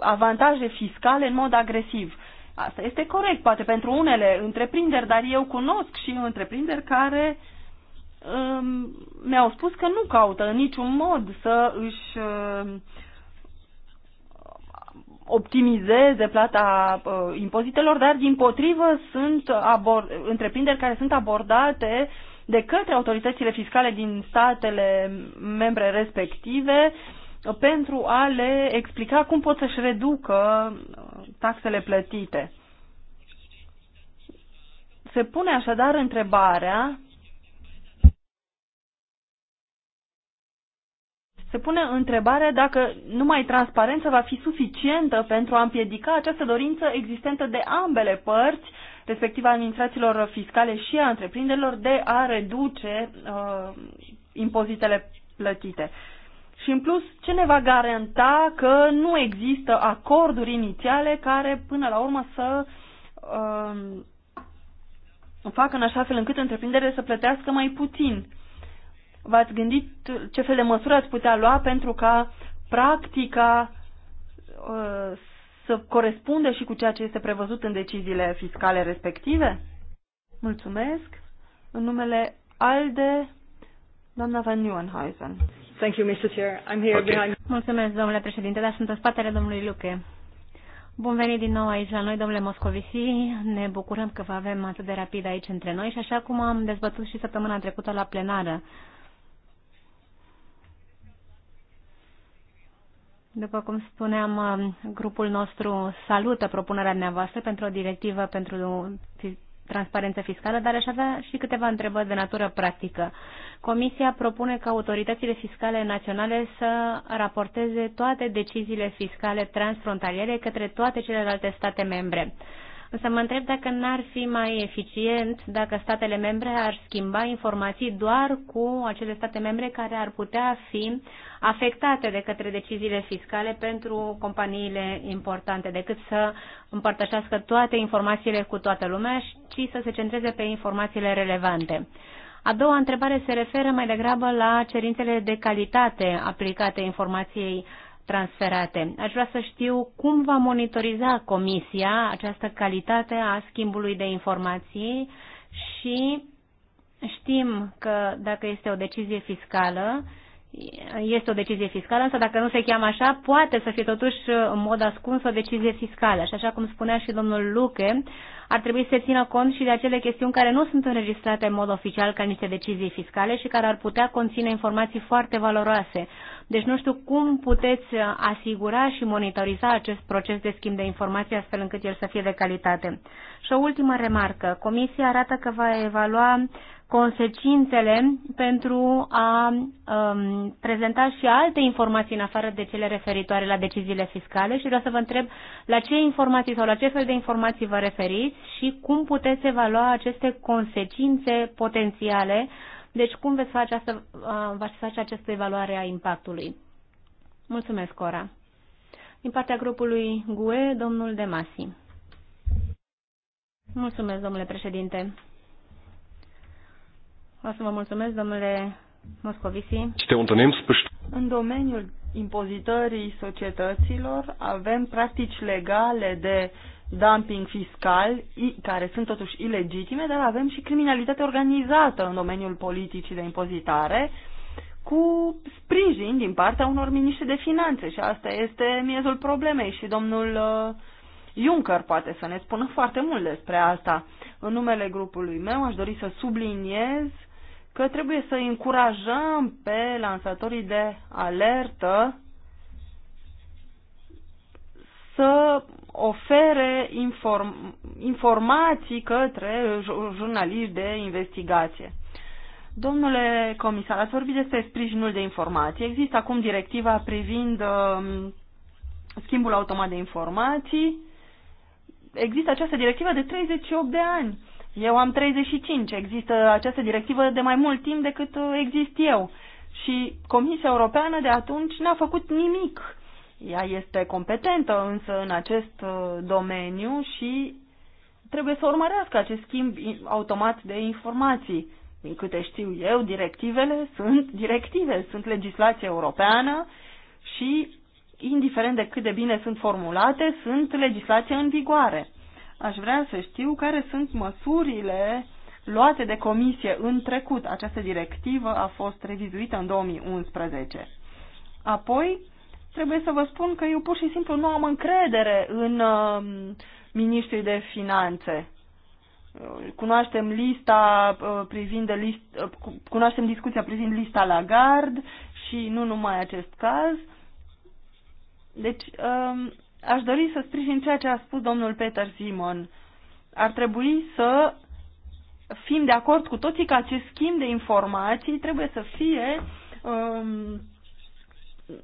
avantaje fiscale în mod agresiv. Asta este corect, poate pentru unele întreprinderi, dar eu cunosc și întreprinderi care mi-au spus că nu caută în niciun mod să își uh, optimizeze plata uh, impozitelor, dar din potrivă sunt întreprinderi care sunt abordate de către autoritățile fiscale din statele membre respective pentru a le explica cum pot să-și reducă uh, taxele plătite. Se pune așadar întrebarea se pune întrebarea dacă numai transparența va fi suficientă pentru a împiedica această dorință existentă de ambele părți, respectiv a administrațiilor fiscale și a întreprinderilor, de a reduce uh, impozitele plătite. Și în plus, ce ne va garanta că nu există acorduri inițiale care până la urmă să uh, facă în așa fel încât întreprinderile să plătească mai puțin? v-ați gândit ce fel de măsuri ați putea lua pentru ca practica uh, să corespundă și cu ceea ce este prevăzut în deciziile fiscale respective? Mulțumesc. În numele ALDE, doamna Van Nieuwenhuizen. Thank you, Mr. Chair. I'm here okay. behind... Mulțumesc, domnule președinte, dar sunt în spatele domnului Luche. Bun venit din nou aici la noi, domnule Moscovici. Ne bucurăm că vă avem atât de rapid aici între noi și așa cum am dezbătut și săptămâna trecută la plenară. După cum spuneam, um, grupul nostru salută propunerea dumneavoastră pentru o directivă pentru transparență fiscală, dar aș avea și câteva întrebări de natură practică. Comisia propune ca autoritățile fiscale naționale să raporteze toate deciziile fiscale transfrontaliere către toate celelalte state membre. Însă mă întreb dacă n-ar fi mai eficient dacă statele membre ar schimba informații doar cu acele state membre care ar putea fi afectate de către deciziile fiscale pentru companiile importante, decât să împărtășească toate informațiile cu toată lumea, ci să se centreze pe informațiile relevante. A doua întrebare se referă mai degrabă la cerințele de calitate aplicate informației transferate. Aș vrea să știu cum va monitoriza Comisia această calitate a schimbului de informații și știm că dacă este o decizie fiscală, este o decizie fiscală, însă dacă nu se cheamă așa, poate să fie totuși în mod ascuns o decizie fiscală. Și așa cum spunea și domnul Luche, ar trebui să se țină cont și de acele chestiuni care nu sunt înregistrate în mod oficial ca niște decizii fiscale și care ar putea conține informații foarte valoroase. Deci nu știu cum puteți asigura și monitoriza acest proces de schimb de informații astfel încât el să fie de calitate. Și o ultimă remarcă. Comisia arată că va evalua consecințele pentru a um, prezenta și alte informații în afară de cele referitoare la deciziile fiscale și vreau să vă întreb la ce informații sau la ce fel de informații vă referiți și cum puteți evalua aceste consecințe potențiale uh, deci cum veți face, asta, veți face această evaluare a impactului? Mulțumesc, Cora. Din partea grupului GUE, domnul Demasi. Mulțumesc, domnule președinte. O să vă mulțumesc, domnule Moscovici. În domeniul impozitării societăților avem practici legale de dumping fiscal, care sunt totuși ilegitime, dar avem și criminalitate organizată în domeniul politicii de impozitare, cu sprijin din partea unor miniștri de finanțe și asta este miezul problemei și domnul uh, Juncker poate să ne spună foarte mult despre asta. În numele grupului meu aș dori să subliniez că trebuie să încurajăm pe lansatorii de alertă să ofere inform, informații către jurnaliști de investigație. Domnule comisar, ați vorbit despre sprijinul de informații. Există acum directiva privind uh, schimbul automat de informații. Există această directivă de 38 de ani. Eu am 35. Există această directivă de mai mult timp decât uh, exist eu. Și Comisia Europeană de atunci n-a făcut nimic ea este competentă însă în acest uh, domeniu și trebuie să urmărească acest schimb automat de informații. Din câte știu eu, directivele sunt <laughs> directive, sunt legislație europeană și, indiferent de cât de bine sunt formulate, sunt legislație în vigoare. Aș vrea să știu care sunt măsurile luate de comisie în trecut. Această directivă a fost revizuită în 2011. Apoi, trebuie să vă spun că eu pur și simplu nu am încredere în uh, ministrii de finanțe. Uh, cunoaștem lista uh, privind de list, uh, cunoaștem discuția privind lista la gard și nu numai acest caz. Deci uh, aș dori să sprijin ceea ce a spus domnul Peter Simon. Ar trebui să fim de acord cu toții că acest schimb de informații trebuie să fie uh,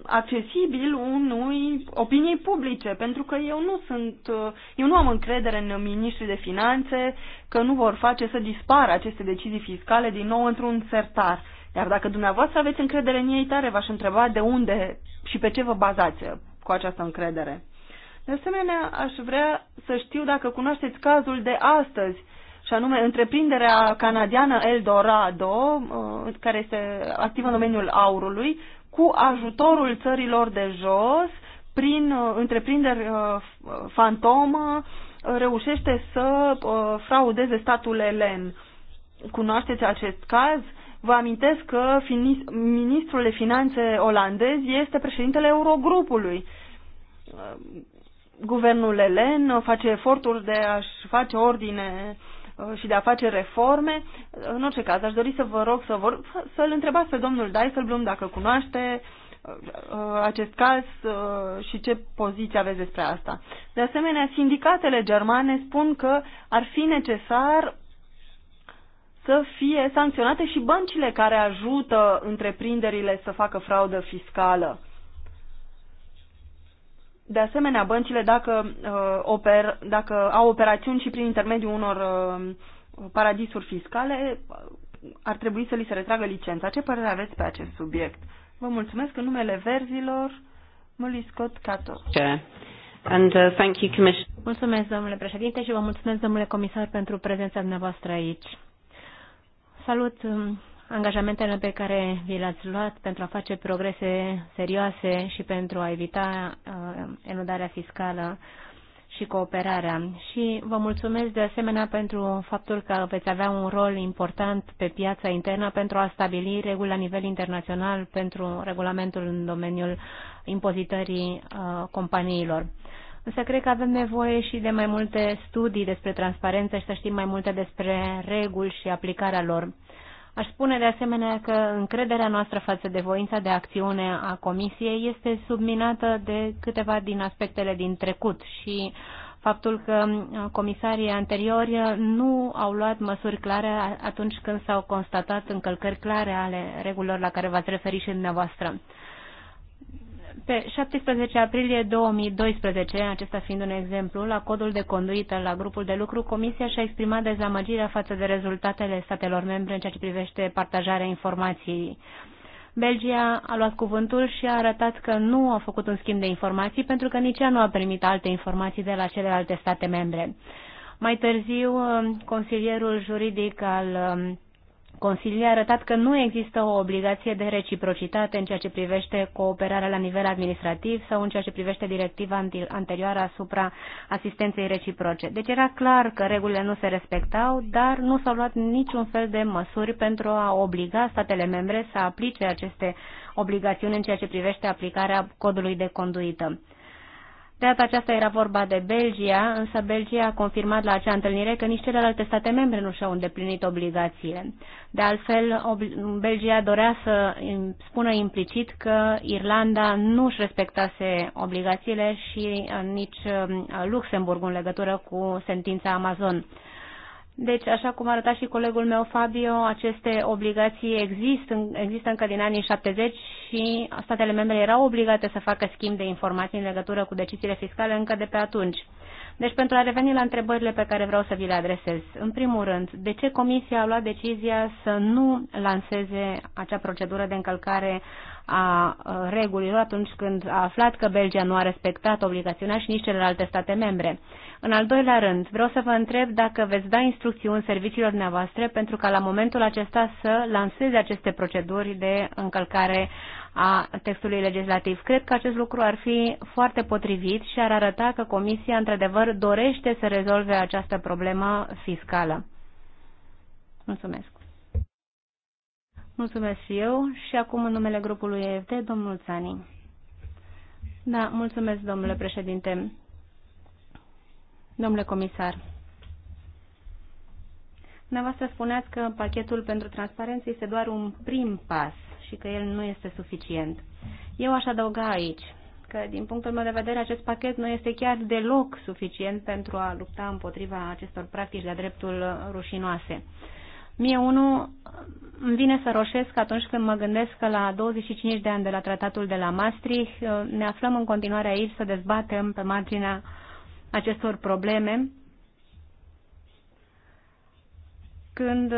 accesibil unui opinii publice, pentru că eu nu sunt, uh, eu nu am încredere în ministrii de finanțe că nu vor face să dispară aceste decizii fiscale din nou într-un sertar. Iar dacă dumneavoastră aveți încredere în ei tare, v-aș întreba de unde și pe ce vă bazați uh, cu această încredere. De asemenea, aș vrea să știu dacă cunoașteți cazul de astăzi, și anume întreprinderea canadiană Eldorado, uh, care este activă în domeniul aurului, cu ajutorul țărilor de jos, prin uh, întreprinderi uh, uh, fantomă, reușește să fraudeze statul elen. Cunoașteți acest caz? Vă amintesc că ministrul de finanțe olandez este președintele Eurogrupului. Guvernul elen face eforturi de a-și face ordine Uh, și de a face reforme. În orice caz, aș dori să vă rog să vor, să-l întrebați pe domnul Dijsselbloem dacă cunoaște uh, uh, acest caz și ce poziție aveți despre asta. De asemenea, sindicatele germane spun că ar fi necesar să fie sancționate și băncile care ajută întreprinderile să facă fraudă fiscală. De asemenea, băncile, dacă, uh, oper, dacă au operațiuni și prin intermediul unor uh, paradisuri fiscale, ar trebui să li se retragă licența. Ce părere aveți pe acest subiect? Vă mulțumesc în numele verzilor, Molly Scott Cato. Yeah. And, uh, thank you, Commissioner. Mulțumesc, domnule președinte, și vă mulțumesc, domnule comisar, pentru prezența dumneavoastră aici. Salut um, angajamentele pe care vi le-ați luat pentru a face progrese serioase și pentru a evita uh, eludarea fiscală și cooperarea. Și vă mulțumesc de asemenea pentru faptul că veți avea un rol important pe piața internă pentru a stabili reguli la nivel internațional pentru regulamentul în domeniul impozitării uh, companiilor. Însă cred că avem nevoie și de mai multe studii despre transparență și să știm mai multe despre reguli și aplicarea lor. Aș spune de asemenea că încrederea noastră față de voința de acțiune a Comisiei este subminată de câteva din aspectele din trecut și faptul că uh, comisarii anteriori nu au luat măsuri clare atunci când s-au constatat încălcări clare ale regulilor la care v-ați referit și dumneavoastră pe 17 aprilie 2012, acesta fiind un exemplu, la codul de conduită la grupul de lucru, Comisia și-a exprimat dezamăgirea față de rezultatele statelor membre în ceea ce privește partajarea informației. Belgia a luat cuvântul și a arătat că nu a făcut un schimb de informații pentru că nici ea nu a primit alte informații de la celelalte state membre. Mai târziu, consilierul juridic al um, Consiliul a arătat că nu există o obligație de reciprocitate în ceea ce privește cooperarea la nivel administrativ sau în ceea ce privește directiva anterioară asupra asistenței reciproce. Deci era clar că regulile nu se respectau, dar nu s-au luat niciun fel de măsuri pentru a obliga statele membre să aplice aceste obligațiuni în ceea ce privește aplicarea codului de conduită. De data aceasta era vorba de Belgia, însă Belgia a confirmat la acea întâlnire că nici celelalte state membre nu și-au îndeplinit obligațiile. De altfel, Belgia dorea să spună implicit că Irlanda nu își respectase obligațiile și uh, nici um, Luxemburg în legătură cu sentința Amazon. Deci, așa cum arăta și colegul meu Fabio, aceste obligații există, există încă din anii 70 și statele membre erau obligate să facă schimb de informații în legătură cu deciziile fiscale încă de pe atunci. Deci, pentru a reveni la întrebările pe care vreau să vi le adresez, în primul rând, de ce Comisia a luat decizia să nu lanseze acea procedură de încălcare a regulilor atunci când a aflat că Belgia nu a respectat obligațiunea și nici celelalte state membre? În al doilea rând, vreau să vă întreb dacă veți da instrucțiuni serviciilor dumneavoastră pentru ca la momentul acesta să lanseze aceste proceduri de încălcare a textului legislativ. Cred că acest lucru ar fi foarte potrivit și ar arăta că Comisia într-adevăr dorește să rezolve această problemă fiscală. Mulțumesc. Mulțumesc și eu și acum în numele grupului EFT, domnul Țani. Da, mulțumesc, domnule președinte. Domnule comisar, dumneavoastră spuneați că pachetul pentru transparență este doar un prim pas și că el nu este suficient. Eu aș adăuga aici că, din punctul meu de vedere, acest pachet nu este chiar deloc suficient pentru a lupta împotriva acestor practici de-a dreptul rușinoase. Mie unul îmi vine să roșesc atunci când mă gândesc că la 25 de ani de la tratatul de la Maastricht ne aflăm în continuare aici să dezbatem pe marginea uh, acestor probleme când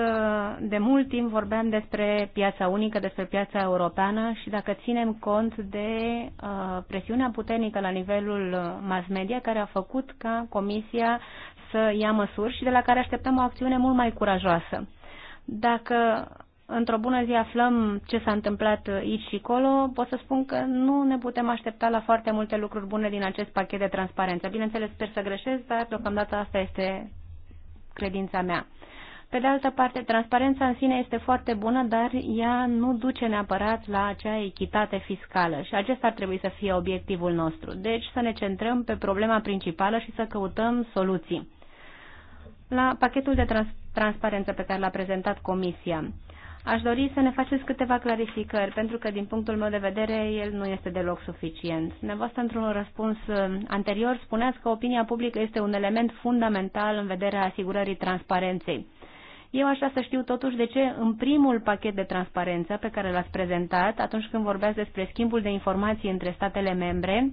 de mult timp vorbeam despre piața unică, despre piața europeană și dacă ținem cont de uh, presiunea puternică la nivelul uh, mass media care a făcut ca Comisia să ia măsuri și de la care așteptăm o acțiune mult mai curajoasă. Dacă într-o bună zi aflăm ce s-a întâmplat aici și acolo, pot să spun că nu ne putem aștepta la foarte multe lucruri bune din acest pachet de transparență. Bineînțeles, sper să greșesc, dar deocamdată asta este credința mea. Pe de altă parte, transparența în sine este foarte bună, dar ea nu duce neapărat la acea echitate fiscală și acesta ar trebui să fie obiectivul nostru. Deci să ne centrăm pe problema principală și să căutăm soluții. La pachetul de trans transparență pe care l-a prezentat Comisia, Aș dori să ne faceți câteva clarificări, pentru că, din punctul meu de vedere, el nu este deloc suficient. Nevoastră, într-un răspuns uh, anterior, spuneați că opinia publică este un element fundamental în vederea asigurării transparenței. Eu aș vrea să știu totuși de ce în primul pachet de transparență pe care l-ați prezentat, atunci când vorbeați despre schimbul de informații între statele membre,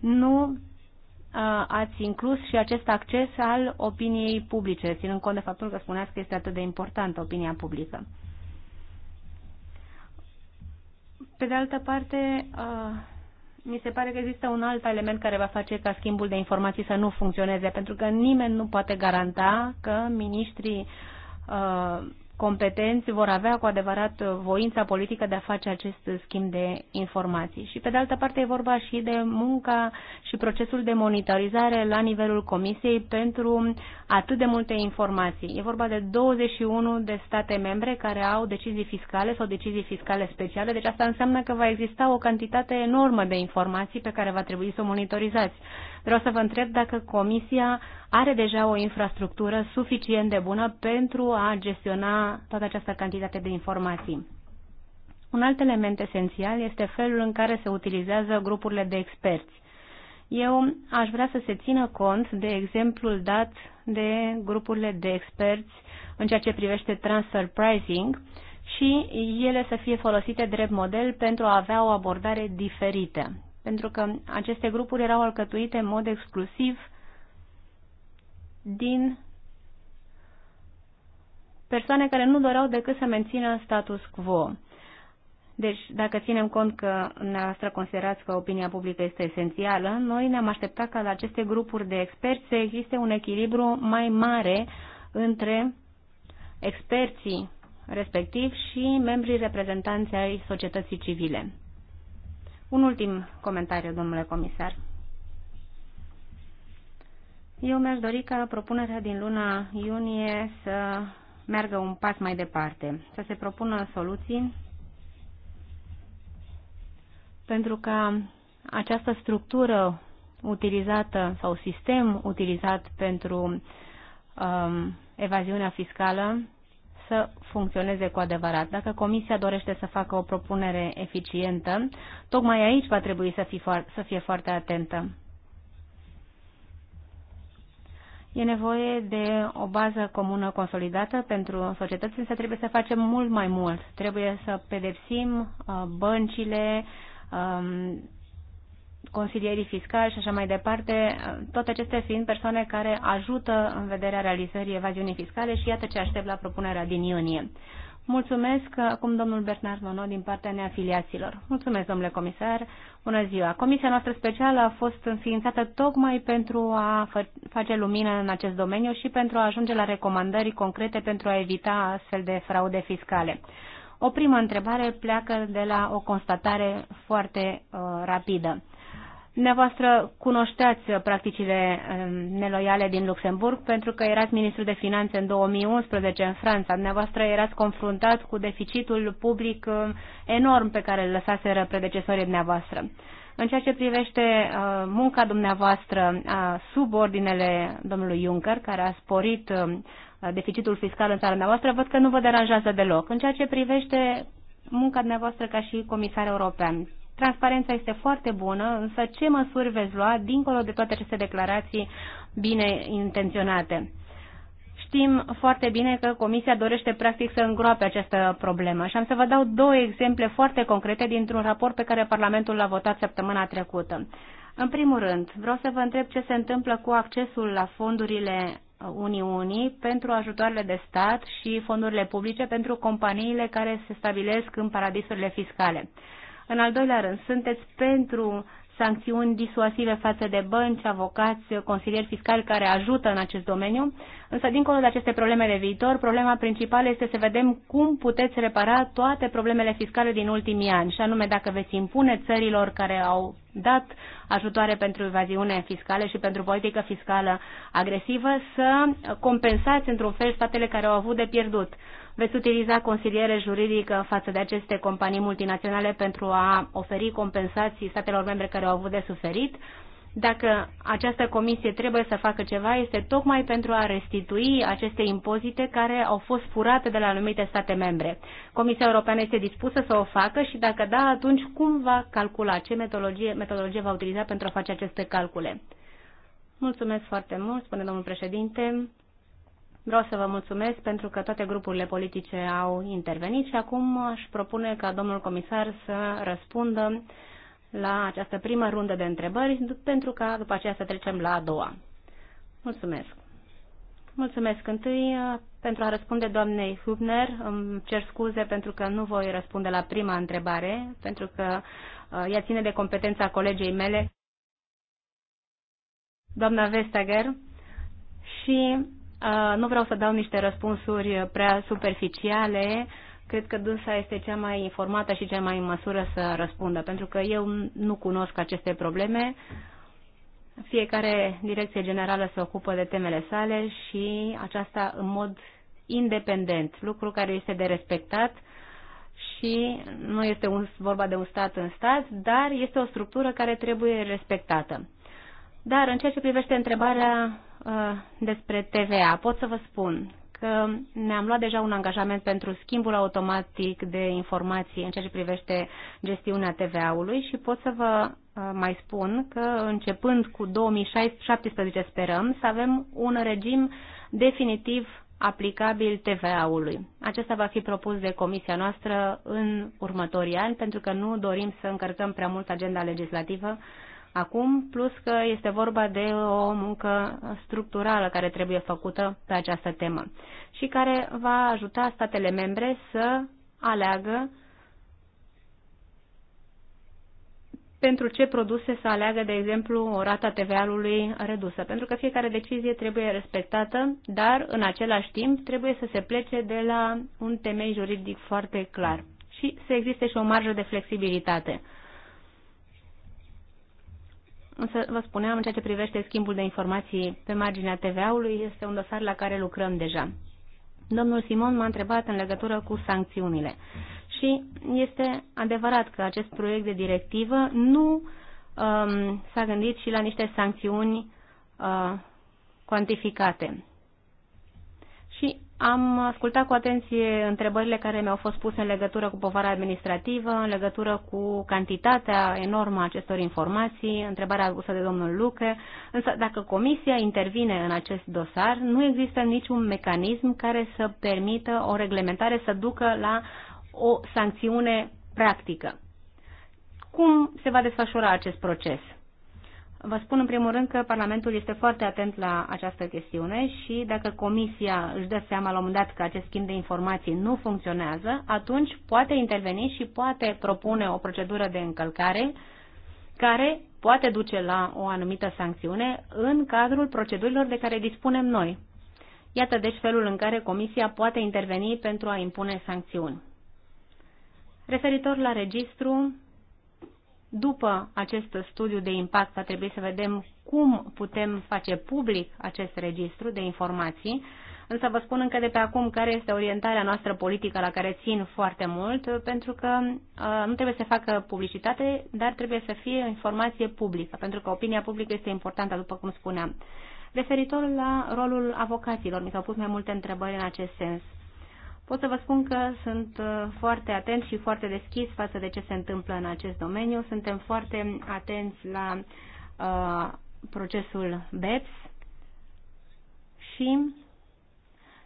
nu uh, ați inclus și acest acces al opiniei publice, ținând cont de faptul că spuneați că este atât de importantă opinia publică. Pe de altă parte, uh, mi se pare că există un alt element care va face ca schimbul de informații să nu funcționeze, pentru că nimeni nu poate garanta că ministrii uh, competenți vor avea cu adevărat voința politică de a face acest schimb de informații. Și pe de altă parte e vorba și de munca și procesul de monitorizare la nivelul Comisiei pentru atât de multe informații. E vorba de 21 de state membre care au decizii fiscale sau decizii fiscale speciale, deci asta înseamnă că va exista o cantitate enormă de informații pe care va trebui să o monitorizați. Vreau să vă întreb dacă Comisia are deja o infrastructură suficient de bună pentru a gestiona toată această cantitate de informații. Un alt element esențial este felul în care se utilizează grupurile de experți. Eu aș vrea să se țină cont de exemplul dat de grupurile de experți în ceea ce privește transfer pricing și ele să fie folosite drept model pentru a avea o abordare diferită pentru că aceste grupuri erau alcătuite în mod exclusiv din persoane care nu doreau decât să mențină status quo. Deci, dacă ținem cont că noastră considerați că opinia publică este esențială, noi ne-am așteptat ca la aceste grupuri de experți să existe un echilibru mai mare între experții respectiv și membrii reprezentanței societății civile. Un ultim comentariu, domnule comisar. Eu mi-aș dori ca propunerea din luna iunie să meargă un pas mai departe, să se propună soluții pentru ca această structură utilizată sau sistem utilizat pentru um, evaziunea fiscală să funcționeze cu adevărat. Dacă Comisia dorește să facă o propunere eficientă, tocmai aici va trebui să, fi, să fie foarte atentă. E nevoie de o bază comună consolidată pentru societăți, însă trebuie să facem mult mai mult. Trebuie să pedepsim uh, băncile, um, consilierii fiscali și așa mai departe, toate acestea fiind persoane care ajută în vederea realizării evaziunii fiscale și iată ce aștept la propunerea din iunie. Mulțumesc acum domnul Bernard Monod din partea neafiliaților. Mulțumesc, domnule comisar. Bună ziua. Comisia noastră specială a fost înființată tocmai pentru a face lumină în acest domeniu și pentru a ajunge la recomandări concrete pentru a evita astfel de fraude fiscale. O primă întrebare pleacă de la o constatare foarte uh, rapidă. Dumneavoastră cunoșteați uh, practicile um, neloiale din Luxemburg pentru că erați ministru de finanțe în 2011 în Franța. Dumneavoastră erați confruntat cu deficitul public um, enorm pe care îl lăsaseră predecesorii dumneavoastră. În ceea ce privește uh, munca dumneavoastră uh, sub ordinele domnului Juncker, care a sporit um, deficitul fiscal în țara dumneavoastră, văd că nu vă deranjează deloc. În ceea ce privește munca dumneavoastră ca și comisar european, Transparența este foarte bună, însă ce măsuri veți lua dincolo de toate aceste declarații bine intenționate? Știm foarte bine că Comisia dorește practic să îngroape această problemă și am să vă dau două exemple foarte concrete dintr-un raport pe care Parlamentul l-a votat săptămâna trecută. În primul rând, vreau să vă întreb ce se întâmplă cu accesul la fondurile Uniunii pentru ajutoarele de stat și fondurile publice pentru companiile care se stabilesc în paradisurile fiscale. În al doilea rând, sunteți pentru sancțiuni disuasive față de bănci, avocați, consilieri fiscali care ajută în acest domeniu. Însă, dincolo de aceste probleme de viitor, problema principală este să vedem cum puteți repara toate problemele fiscale din ultimii ani, și anume dacă veți impune țărilor care au dat ajutoare pentru evaziune fiscală și pentru politică fiscală agresivă să compensați într-un fel statele care au avut de pierdut veți utiliza consiliere juridică față de aceste companii multinaționale pentru a oferi compensații statelor membre care au avut de suferit? Dacă această comisie trebuie să facă ceva, este tocmai pentru a restitui aceste impozite care au fost furate de la anumite state membre. Comisia Europeană este dispusă să o facă și dacă da, atunci cum va calcula, ce metodologie, metodologie va utiliza pentru a face aceste calcule? Mulțumesc foarte mult, spune domnul președinte. Vreau să vă mulțumesc pentru că toate grupurile politice au intervenit și acum aș propune ca domnul comisar să răspundă la această primă rundă de întrebări pentru ca după aceea să trecem la a doua. Mulțumesc. Mulțumesc întâi uh, pentru a răspunde doamnei Hubner. Îmi cer scuze pentru că nu voi răspunde la prima întrebare, pentru că uh, ea ține de competența colegei mele, doamna Vestager, și nu vreau să dau niște răspunsuri prea superficiale. Cred că dânsa este cea mai informată și cea mai în măsură să răspundă, pentru că eu nu cunosc aceste probleme. Fiecare direcție generală se ocupă de temele sale și aceasta în mod independent, lucru care este de respectat și nu este un, vorba de un stat în stat, dar este o structură care trebuie respectată. Dar în ceea ce privește întrebarea uh, despre TVA, pot să vă spun că ne-am luat deja un angajament pentru schimbul automatic de informații în ceea ce privește gestiunea TVA-ului și pot să vă uh, mai spun că începând cu 2017 sperăm să avem un regim definitiv aplicabil TVA-ului. Acesta va fi propus de comisia noastră în următorii ani pentru că nu dorim să încărcăm prea mult agenda legislativă acum, plus că este vorba de o muncă structurală care trebuie făcută pe această temă și care va ajuta statele membre să aleagă pentru ce produse să aleagă, de exemplu, o rata TVA-ului redusă, pentru că fiecare decizie trebuie respectată, dar în același timp trebuie să se plece de la un temei juridic foarte clar și să existe și o marjă de flexibilitate. Însă, vă spuneam, în ceea ce privește schimbul de informații pe marginea TVA-ului, este un dosar la care lucrăm deja. Domnul Simon m-a întrebat în legătură cu sancțiunile. Și este adevărat că acest proiect de directivă nu um, s-a gândit și la niște sancțiuni uh, cuantificate. Am ascultat cu atenție întrebările care mi-au fost puse în legătură cu povara administrativă, în legătură cu cantitatea enormă a acestor informații, întrebarea adusă de domnul Lucă, însă dacă comisia intervine în acest dosar, nu există niciun mecanism care să permită o reglementare să ducă la o sancțiune practică. Cum se va desfășura acest proces? Vă spun în primul rând că Parlamentul este foarte atent la această chestiune și dacă Comisia își dă seama la un moment dat că acest schimb de informații nu funcționează, atunci poate interveni și poate propune o procedură de încălcare care poate duce la o anumită sancțiune în cadrul procedurilor de care dispunem noi. Iată deci felul în care Comisia poate interveni pentru a impune sancțiuni. Referitor la registru, după acest studiu de impact va trebui să vedem cum putem face public acest registru de informații, însă vă spun încă de pe acum care este orientarea noastră politică la care țin foarte mult, pentru că uh, nu trebuie să facă publicitate, dar trebuie să fie informație publică, pentru că opinia publică este importantă, după cum spuneam. Referitor la rolul avocaților, mi s-au pus mai multe întrebări în acest sens. Pot să vă spun că sunt uh, foarte atent și foarte deschis față de ce se întâmplă în acest domeniu. Suntem foarte atenți la uh, procesul BEPS și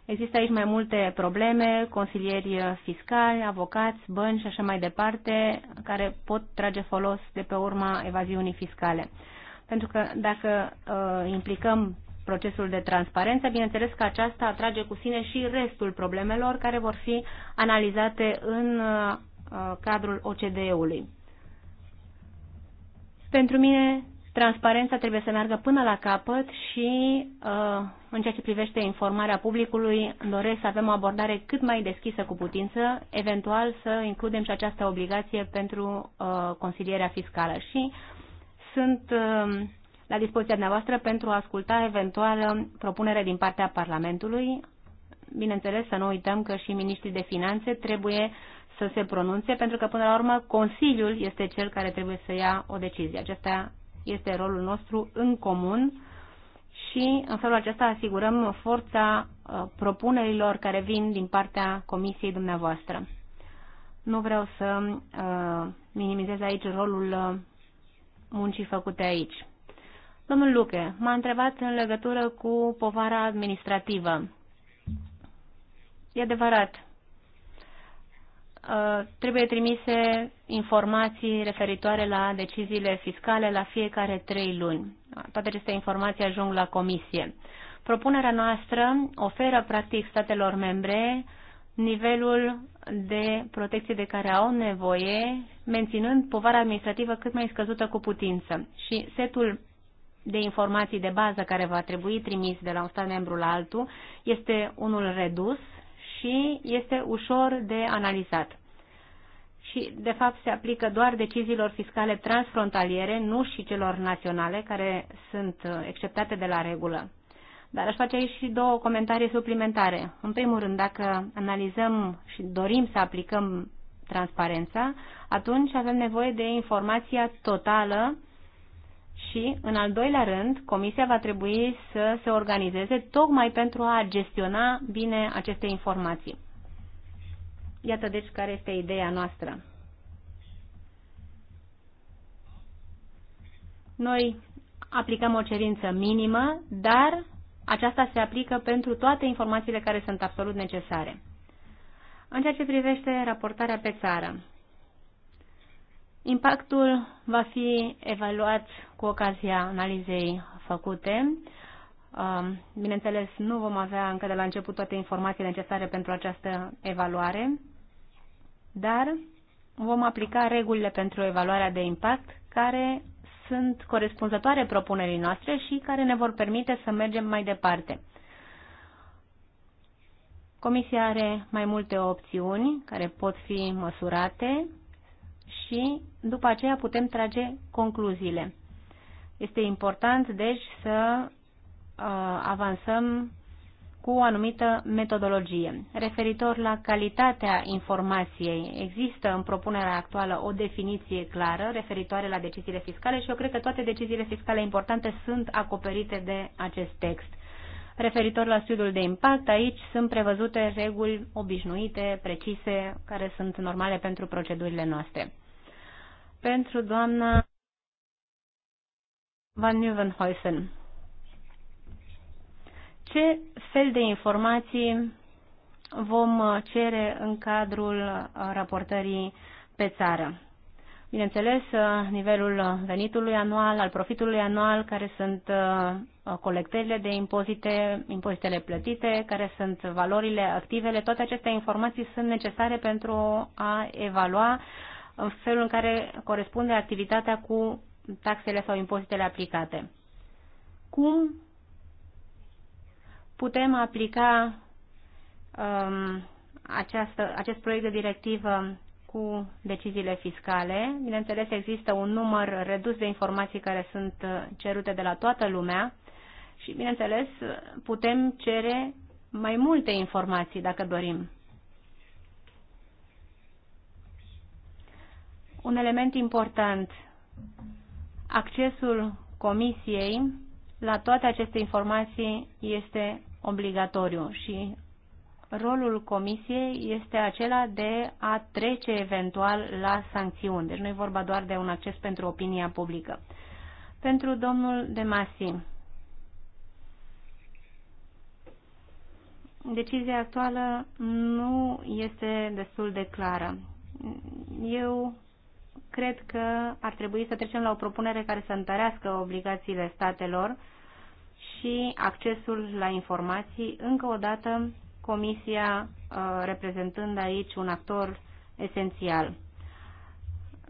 Există aici mai multe probleme, consilieri fiscali, avocați, bănci și așa mai departe, care pot trage folos de pe urma evaziunii fiscale. Pentru că dacă uh, implicăm procesul de transparență, bineînțeles că aceasta atrage cu sine și restul problemelor care vor fi analizate în uh, cadrul OCDE-ului. Pentru mine, transparența trebuie să meargă până la capăt și uh, în ceea ce privește informarea publicului, doresc să avem o abordare cât mai deschisă cu putință, eventual să includem și această obligație pentru uh, consilierea fiscală. Și sunt la dispoziția dumneavoastră pentru a asculta eventuală propunere din partea Parlamentului. Bineînțeles, să nu uităm că și ministrii de finanțe trebuie să se pronunțe, pentru că, până la urmă, Consiliul este cel care trebuie să ia o decizie. Acesta este rolul nostru în comun și, în felul acesta, asigurăm forța uh, propunerilor care vin din partea Comisiei dumneavoastră. Nu vreau să uh, minimizez aici rolul uh, muncii făcute aici. Domnul Luche, m-a întrebat în legătură cu povara administrativă. E adevărat. Uh, trebuie trimise informații referitoare la deciziile fiscale la fiecare trei luni. Toate aceste informații ajung la comisie. Propunerea noastră oferă practic statelor membre nivelul de protecție de care au nevoie, menținând povara administrativă cât mai scăzută cu putință. Și setul de informații de bază care va trebui trimis de la un stat membru la altul este unul redus și este ușor de analizat. Și, de fapt, se aplică doar deciziilor fiscale transfrontaliere, nu și celor naționale, care sunt uh, exceptate de la regulă. Dar aș face aici și două comentarii suplimentare. În primul rând, dacă analizăm și dorim să aplicăm transparența, atunci avem nevoie de informația totală și, în al doilea rând, Comisia va trebui să se organizeze tocmai pentru a gestiona bine aceste informații. Iată deci care este ideea noastră. Noi aplicăm o cerință minimă, dar aceasta se aplică pentru toate informațiile care sunt absolut necesare. În ceea ce privește raportarea pe țară, Impactul va fi evaluat cu ocazia analizei făcute. Um, bineînțeles, nu vom avea încă de la început toate informațiile necesare pentru această evaluare, dar vom aplica regulile pentru evaluarea de impact care sunt corespunzătoare propunerii noastre și care ne vor permite să mergem mai departe. Comisia are mai multe opțiuni care pot fi măsurate și după aceea putem trage concluziile. Este important, deci, să uh, avansăm cu o anumită metodologie. Referitor la calitatea informației, există în propunerea actuală o definiție clară referitoare la deciziile fiscale și eu cred că toate deciziile fiscale importante sunt acoperite de acest text. Referitor la studiul de impact, aici sunt prevăzute reguli obișnuite, precise, care sunt normale pentru procedurile noastre pentru doamna Van Nieuwenhuysen. Ce fel de informații vom cere în cadrul raportării pe țară? Bineînțeles, nivelul venitului anual, al profitului anual, care sunt uh, colectările de impozite, impozitele plătite, care sunt valorile activele, toate aceste informații sunt necesare pentru a evalua uh, în felul în care corespunde activitatea cu taxele sau impozitele aplicate. Cum putem aplica um, această, acest proiect de directivă cu deciziile fiscale. Bineînțeles, există un număr redus de informații care sunt uh, cerute de la toată lumea și, bineînțeles, putem cere mai multe informații dacă dorim. un element important, accesul comisiei la toate aceste informații este obligatoriu și rolul comisiei este acela de a trece eventual la sancțiuni. Deci nu e vorba doar de un acces pentru opinia publică. Pentru domnul de Masi, decizia actuală nu este destul de clară. Eu cred că ar trebui să trecem la o propunere care să întărească obligațiile statelor și accesul la informații. Încă o dată, Comisia uh, reprezentând aici un actor esențial.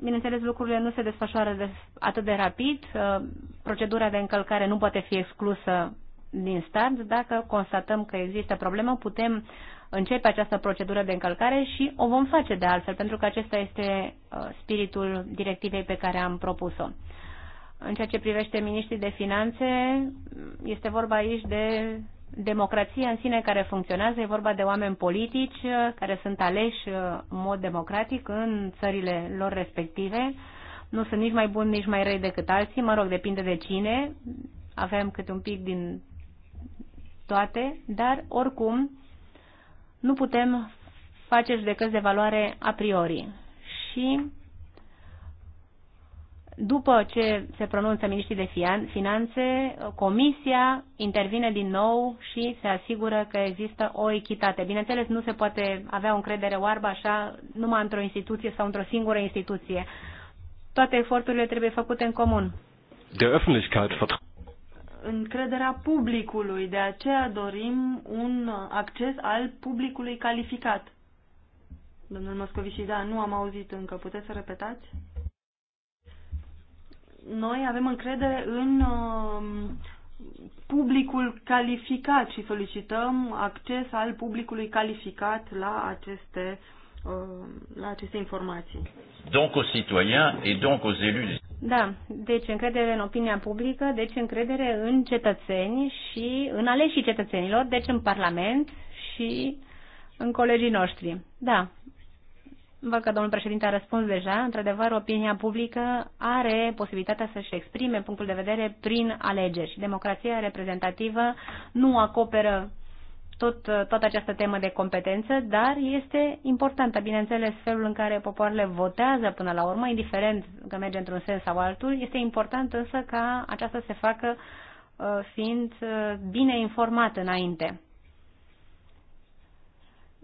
Bineînțeles, lucrurile nu se desfășoară de, atât de rapid. Uh, procedura de încălcare nu poate fi exclusă din start. Dacă constatăm că există problemă, putem începe această procedură de încălcare și o vom face de altfel, pentru că acesta este uh, spiritul directivei pe care am propus-o. În ceea ce privește miniștrii de finanțe, este vorba aici de democrație în sine care funcționează, e vorba de oameni politici uh, care sunt aleși uh, în mod democratic în țările lor respective. Nu sunt nici mai buni, nici mai răi decât alții, mă rog, depinde de cine. Avem câte un pic din toate, dar oricum nu putem face judecăți de valoare a priori. Și după ce se pronunță ministrii de finanțe, comisia intervine din nou și se asigură că există o echitate. Bineînțeles, nu se poate avea o încredere oarbă așa numai într-o instituție sau într-o singură instituție. Toate eforturile trebuie făcute în comun. Der Öffentlichkeit încrederea publicului. De aceea dorim un acces al publicului calificat. Domnul Moscovici, da, nu am auzit încă. Puteți să repetați? Noi avem încredere în um, publicul calificat și solicităm acces al publicului calificat la aceste, um, la aceste informații. Donc aux citoyens et donc aux élus da, deci încredere în opinia publică, deci încredere în cetățeni și în aleșii cetățenilor, deci în Parlament și în colegii noștri. Da, văd că domnul președinte a răspuns deja. Într-adevăr, opinia publică are posibilitatea să-și exprime punctul de vedere prin alegeri și democrația reprezentativă nu acoperă tot, toată această temă de competență, dar este importantă, bineînțeles, felul în care popoarele votează până la urmă, indiferent că merge într-un sens sau altul, este important însă ca aceasta se facă uh, fiind uh, bine informat înainte.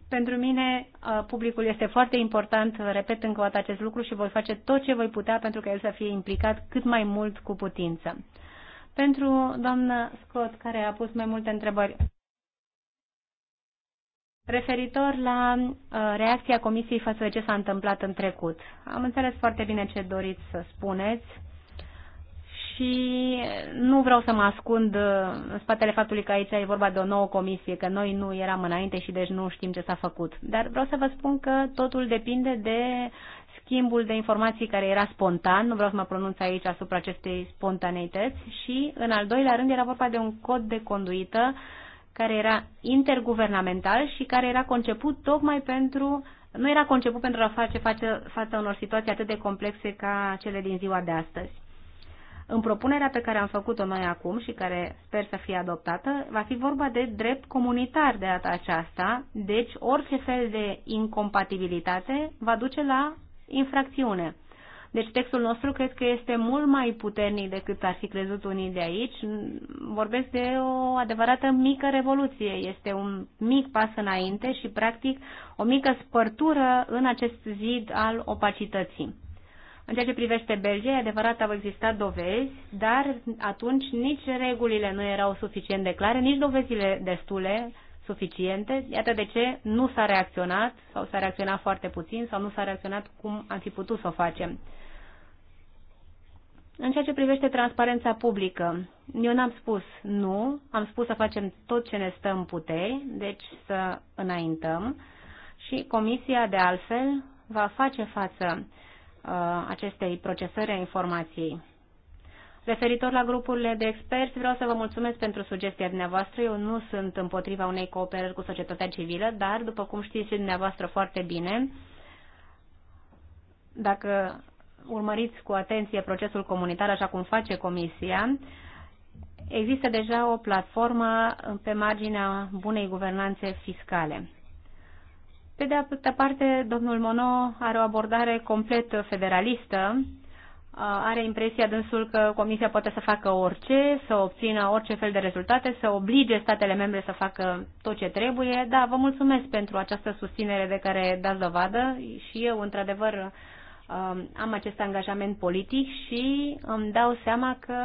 Pentru mine, uh, publicul este foarte important, repet încă o dată acest lucru și voi face tot ce voi putea pentru ca el să fie implicat cât mai mult cu putință. Pentru doamna Scott, care a pus mai multe întrebări. Referitor la uh, reacția Comisiei față de ce s-a întâmplat în trecut, am înțeles foarte bine ce doriți să spuneți și nu vreau să mă ascund uh, în spatele faptului că aici e vorba de o nouă comisie, că noi nu eram înainte și deci nu știm ce s-a făcut. Dar vreau să vă spun că totul depinde de schimbul de informații care era spontan, nu vreau să mă pronunț aici asupra acestei spontaneități și, în al doilea rând, era vorba de un cod de conduită uh, care era interguvernamental și care era conceput tocmai pentru, nu era conceput pentru a face față, față unor situații atât de complexe ca cele din ziua de astăzi. În propunerea pe care am făcut-o noi acum și care sper să fie adoptată, va fi vorba de drept comunitar de data aceasta, deci orice fel de incompatibilitate va duce la infracțiune. Deci textul nostru cred că este mult mai puternic decât ar fi crezut unii de aici. Vorbesc de o adevărată mică revoluție. Este un mic pas înainte și, practic, o mică spărtură în acest zid al opacității. În ceea ce privește Belgia, adevărat, au existat dovezi, dar atunci nici regulile nu erau suficient de clare, nici dovezile destule suficiente. Iată de ce nu s-a reacționat sau s-a reacționat foarte puțin sau nu s-a reacționat cum am fi putut să o facem. În ceea ce privește transparența publică, eu n-am spus nu, am spus să facem tot ce ne stă în puteri, deci să înaintăm și comisia, de altfel, va face față uh, acestei procesări a informației. Referitor la grupurile de experți, vreau să vă mulțumesc pentru sugestia dumneavoastră. Eu nu sunt împotriva unei cooperări cu societatea civilă, dar, după cum știți și dumneavoastră foarte bine, dacă urmăriți cu atenție procesul comunitar așa cum face Comisia, există deja o platformă pe marginea bunei guvernanțe fiscale. Pe de altă parte, domnul Mono are o abordare complet federalistă. Are impresia dânsul că Comisia poate să facă orice, să obțină orice fel de rezultate, să oblige statele membre să facă tot ce trebuie. Da, vă mulțumesc pentru această susținere de care dați dovadă și eu, într-adevăr, Um, am acest angajament politic și îmi dau seama că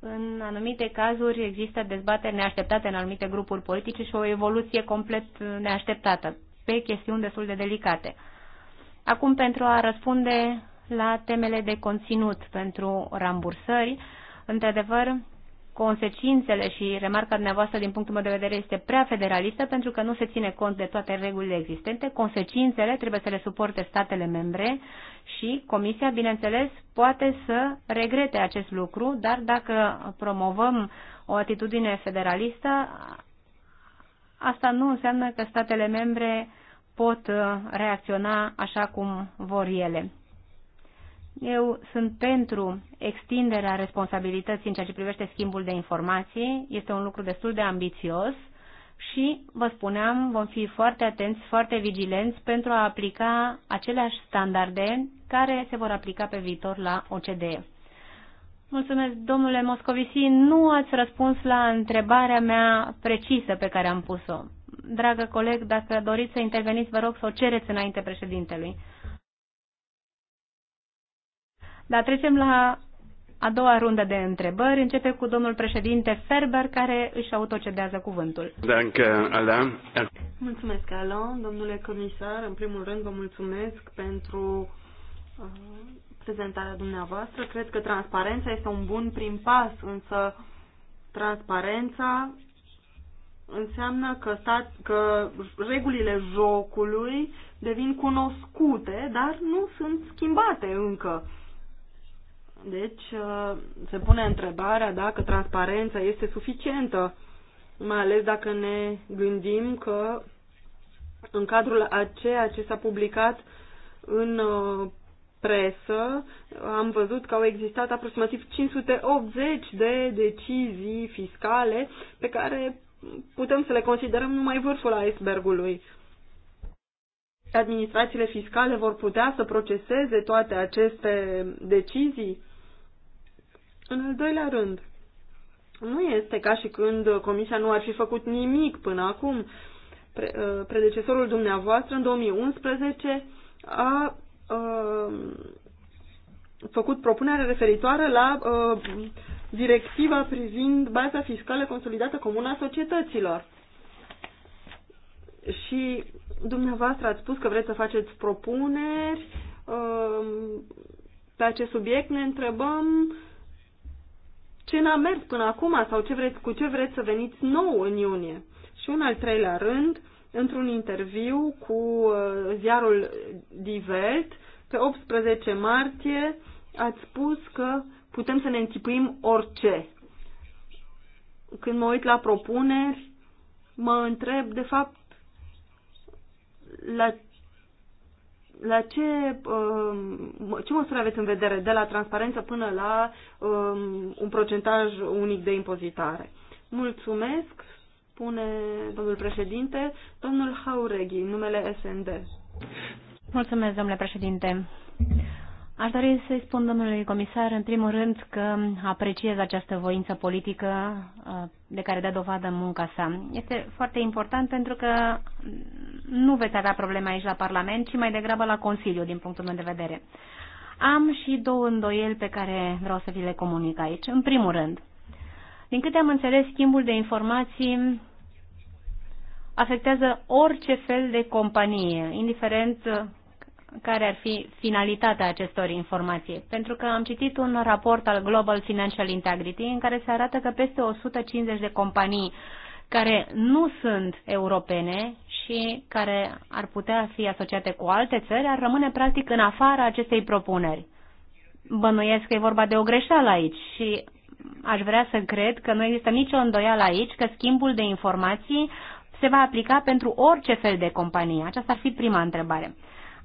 în anumite cazuri există dezbateri neașteptate în anumite grupuri politice și o evoluție complet neașteptată pe chestiuni destul de delicate. Acum, pentru a răspunde la temele de conținut pentru rambursări, într-adevăr, consecințele și remarca dumneavoastră din punctul meu de vedere este prea federalistă pentru că nu se ține cont de toate regulile existente. Consecințele trebuie să le suporte statele membre și Comisia, bineînțeles, poate să regrete acest lucru, dar dacă promovăm o atitudine federalistă, asta nu înseamnă că statele membre pot reacționa așa cum vor ele. Eu sunt pentru extinderea responsabilității în ceea ce privește schimbul de informații. Este un lucru destul de ambițios și, vă spuneam, vom fi foarte atenți, foarte vigilenți pentru a aplica aceleași standarde care se vor aplica pe viitor la OCDE. Mulțumesc, domnule Moscovici. Nu ați răspuns la întrebarea mea precisă pe care am pus-o. Dragă coleg, dacă doriți să interveniți, vă rog să o cereți înainte președintelui. Dar trecem la a doua rundă de întrebări. Începe cu domnul președinte Ferber, care își autocedează cuvântul. Mulțumesc, Alain. Domnule comisar, în primul rând vă mulțumesc pentru uh, prezentarea dumneavoastră. Cred că transparența este un bun prim pas, însă transparența înseamnă că, stat, că regulile jocului devin cunoscute, dar nu sunt schimbate încă. Deci uh, se pune întrebarea dacă transparența este suficientă, mai ales dacă ne gândim că în cadrul a ceea ce s-a publicat în uh, presă am văzut că au existat aproximativ 580 de decizii fiscale pe care putem să le considerăm numai vârful icebergului. Administrațiile fiscale vor putea să proceseze toate aceste decizii? În al doilea rând, nu este ca și când Comisia nu ar fi făcut nimic până acum. Pre, uh, predecesorul dumneavoastră în 2011 a, a uh, făcut propunerea referitoare la a, uh, directiva privind baza fiscală consolidată comună a societăților. Și dumneavoastră ați spus că vreți să faceți propuneri a, pe acest subiect. Ne întrebăm uh, ce n-a mers până acum sau ce vreți, cu ce vreți să veniți nou în iunie. Și un al treilea rând, într-un interviu cu uh, ziarul Die Welt, pe 18 martie, ați spus că putem să ne închipuim orice. Când mă uit la propuneri, mă întreb, de fapt, la la ce, um, ce măsuri aveți în vedere de la transparență până la um, un procentaj unic de impozitare? Mulțumesc, spune domnul președinte, domnul Haureghi, numele SND. Mulțumesc, domnule președinte. Aș dori să-i spun domnului comisar, în primul rând, că apreciez această voință politică de care dă dovadă munca sa. Este foarte important pentru că nu veți avea probleme aici la Parlament, ci mai degrabă la Consiliu, din punctul meu de vedere. Am și două îndoieli pe care vreau să vi le comunic aici. În primul rând, din câte am înțeles, schimbul de informații afectează orice fel de companie, indiferent care ar fi finalitatea acestor informații. Pentru că am citit un raport al Global Financial Integrity în care se arată că peste 150 de companii care nu sunt europene și care ar putea fi asociate cu alte țări ar rămâne practic în afara acestei propuneri. Bănuiesc că e vorba de o greșeală aici și aș vrea să cred că nu există nicio îndoială aici că schimbul de informații se va aplica pentru orice fel de companie. Aceasta ar fi prima întrebare.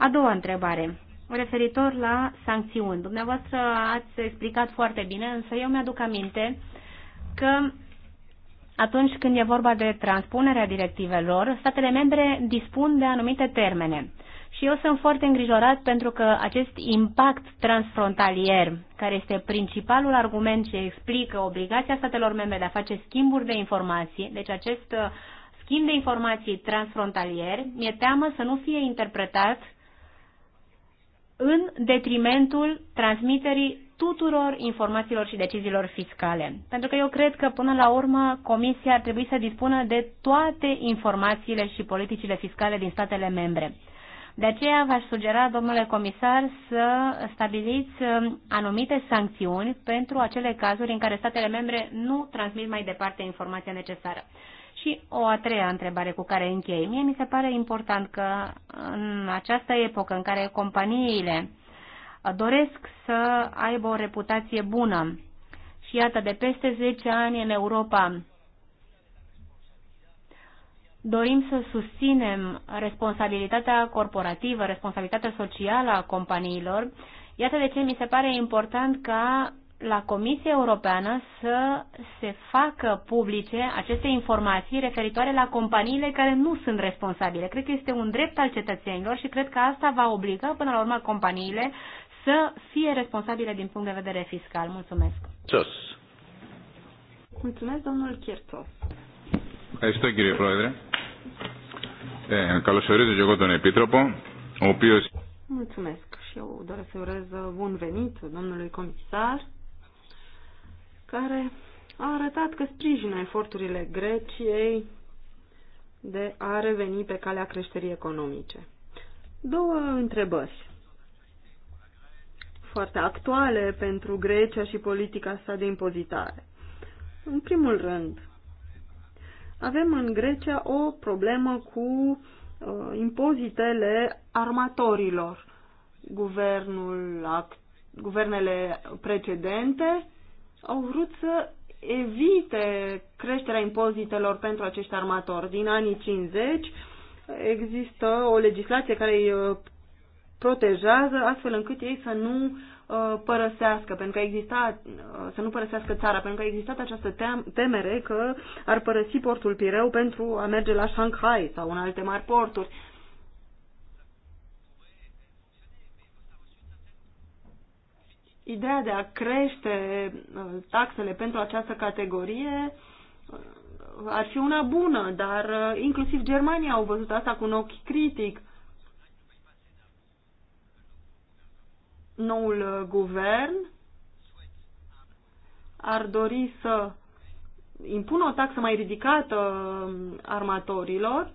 A doua întrebare, referitor la sancțiuni. Dumneavoastră ați explicat foarte bine, însă eu mi-aduc aminte că atunci când e vorba de transpunerea directivelor, statele membre dispun de anumite termene. Și eu sunt foarte îngrijorat pentru că acest impact transfrontalier, care este principalul argument ce explică obligația statelor membre de a face schimburi de informații, deci acest uh, schimb de informații transfrontalier, mi-e teamă să nu fie interpretat în detrimentul transmiterii tuturor informațiilor și deciziilor fiscale. Pentru că eu cred că, până la urmă, Comisia ar trebui să dispună de toate informațiile și politicile fiscale din statele membre. De aceea v-aș sugera, domnule comisar, să stabiliți um, anumite sancțiuni pentru acele cazuri în care statele membre nu transmit mai departe informația necesară. Și o a treia întrebare cu care închei. Mie mi se pare important că în această epocă în care companiile uh, doresc să aibă o reputație bună și iată, de peste 10 ani în Europa dorim să susținem responsabilitatea corporativă, responsabilitatea socială a companiilor. Iată de ce mi se pare important ca la Comisia Europeană să se facă publice aceste informații referitoare la companiile care nu sunt responsabile. Cred că este un drept al cetățenilor și cred că asta va obliga până la urmă companiile să fie responsabile din punct de vedere fiscal. Mulțumesc. Sos. Mulțumesc, domnul Chirtos. Ευχαριστώ κύριε Πρόεδρε. Ε, καλωσορίζω και εγώ τον Επίτροπο, ο οποίος... Mulțumesc și eu doresc să urez bun venit domnului comisar care a arătat că sprijină eforturile Greciei de a reveni pe calea creșterii economice. Două întrebări foarte actuale pentru Grecia și politica sa de impozitare. În primul rând, avem în Grecia o problemă cu uh, impozitele armatorilor. Guvernul, act, guvernele precedente au vrut să evite creșterea impozitelor pentru acești armatori. Din anii 50 există o legislație care îi uh, protejează astfel încât ei să nu uh, părăsească, pentru că exista, uh, să nu părăsească țara, pentru că a existat această temere că ar părăsi portul Pireu pentru a merge la Shanghai sau în alte mari porturi. Ideea de a crește uh, taxele pentru această categorie uh, ar fi una bună, dar uh, inclusiv Germania au văzut asta cu un ochi critic. Noul guvern ar dori să impună o taxă mai ridicată armatorilor,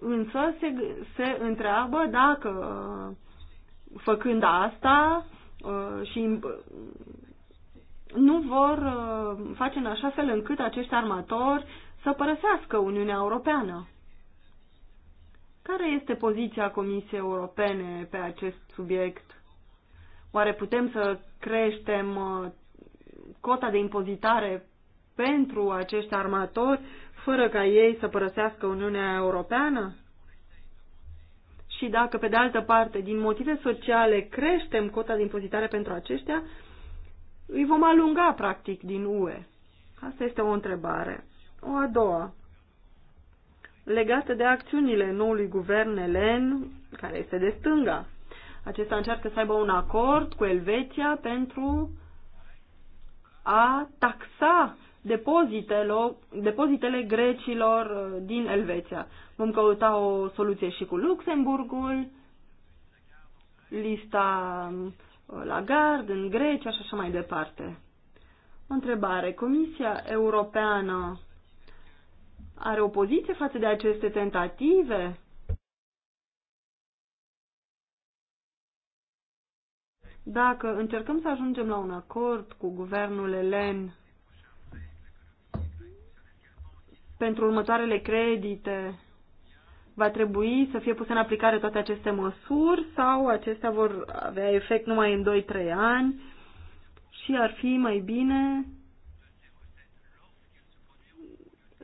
însă se, se întreabă dacă, făcând asta, Uh, și uh, nu vor uh, face în așa fel încât acești armatori să părăsească Uniunea Europeană. Care este poziția Comisiei Europene pe acest subiect? Oare putem să creștem cota de impozitare pentru acești armatori fără ca ei să părăsească Uniunea Europeană? și dacă, pe de altă parte, din motive sociale creștem cota de impozitare pentru aceștia, îi vom alunga, practic, din UE. Asta este o întrebare. O a doua, legată de acțiunile noului guvern elen, care este de stânga. Acesta încearcă să aibă un acord cu Elveția pentru a taxa depozitele grecilor uh, din Elveția. Vom căuta o soluție și cu Luxemburgul, lista uh, la Gard în Grecia și așa mai departe. O întrebare. Comisia Europeană are o poziție față de aceste tentative? Dacă încercăm să ajungem la un acord cu guvernul elen pentru următoarele credite va trebui să fie puse în aplicare toate aceste măsuri sau acestea vor avea efect numai în 2-3 ani și ar fi mai bine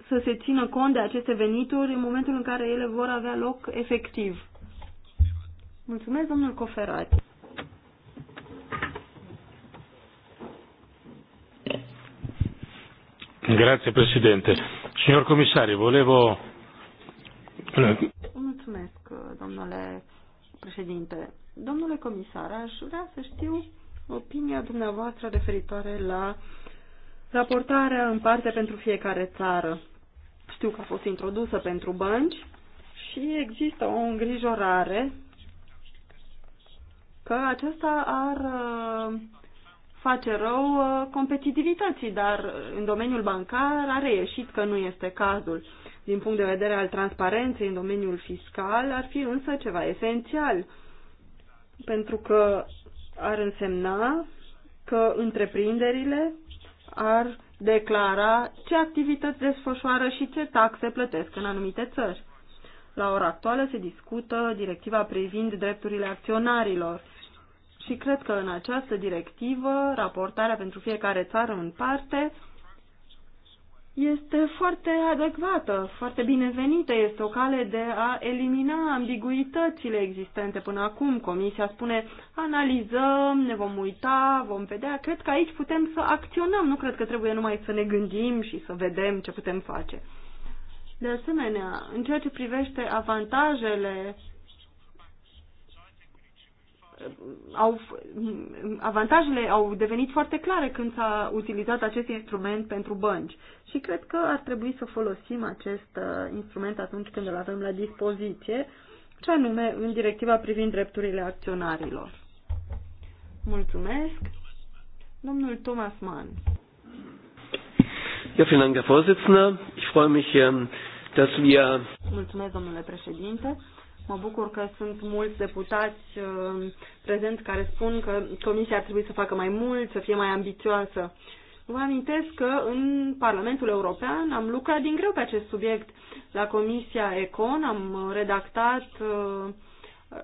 să se țină cont de aceste venituri în momentul în care ele vor avea loc efectiv. Mulțumesc, domnul Coferat. Grazie Presidente. Signor Comisario, volevo... Mulțumesc, domnule președinte. Domnule comisar, aș vrea să știu opinia dumneavoastră referitoare la raportarea în parte pentru fiecare țară. Știu că a fost introdusă pentru bănci și există o îngrijorare că aceasta ar face rău uh, competitivității, dar în domeniul bancar a reieșit că nu este cazul. Din punct de vedere al transparenței în domeniul fiscal, ar fi însă ceva esențial, pentru că ar însemna că întreprinderile ar declara ce activități desfășoară și ce taxe plătesc în anumite țări. La ora actuală se discută directiva privind drepturile acționarilor și cred că în această directivă, raportarea pentru fiecare țară în parte este foarte adecvată, foarte binevenită. Este o cale de a elimina ambiguitățile existente până acum. Comisia spune, analizăm, ne vom uita, vom vedea. Cred că aici putem să acționăm. Nu cred că trebuie numai să ne gândim și să vedem ce putem face. De asemenea, în ceea ce privește avantajele au, avantajele au devenit foarte clare când s-a utilizat acest instrument pentru bănci și cred că ar trebui să folosim acest uh, instrument atunci când îl avem la dispoziție, ce anume în directiva privind drepturile acționarilor. Mulțumesc. Domnul Thomas Mann. Ja, vielen Dank, Herr Vorsitzender. Ich freue mich, ähm, dass wir... Mulțumesc, domnule președinte. Mă bucur că sunt mulți deputați uh, prezenți care spun că Comisia ar trebui să facă mai mult, să fie mai ambițioasă. Vă amintesc că în Parlamentul European am lucrat din greu pe acest subiect. La Comisia Econ am redactat uh,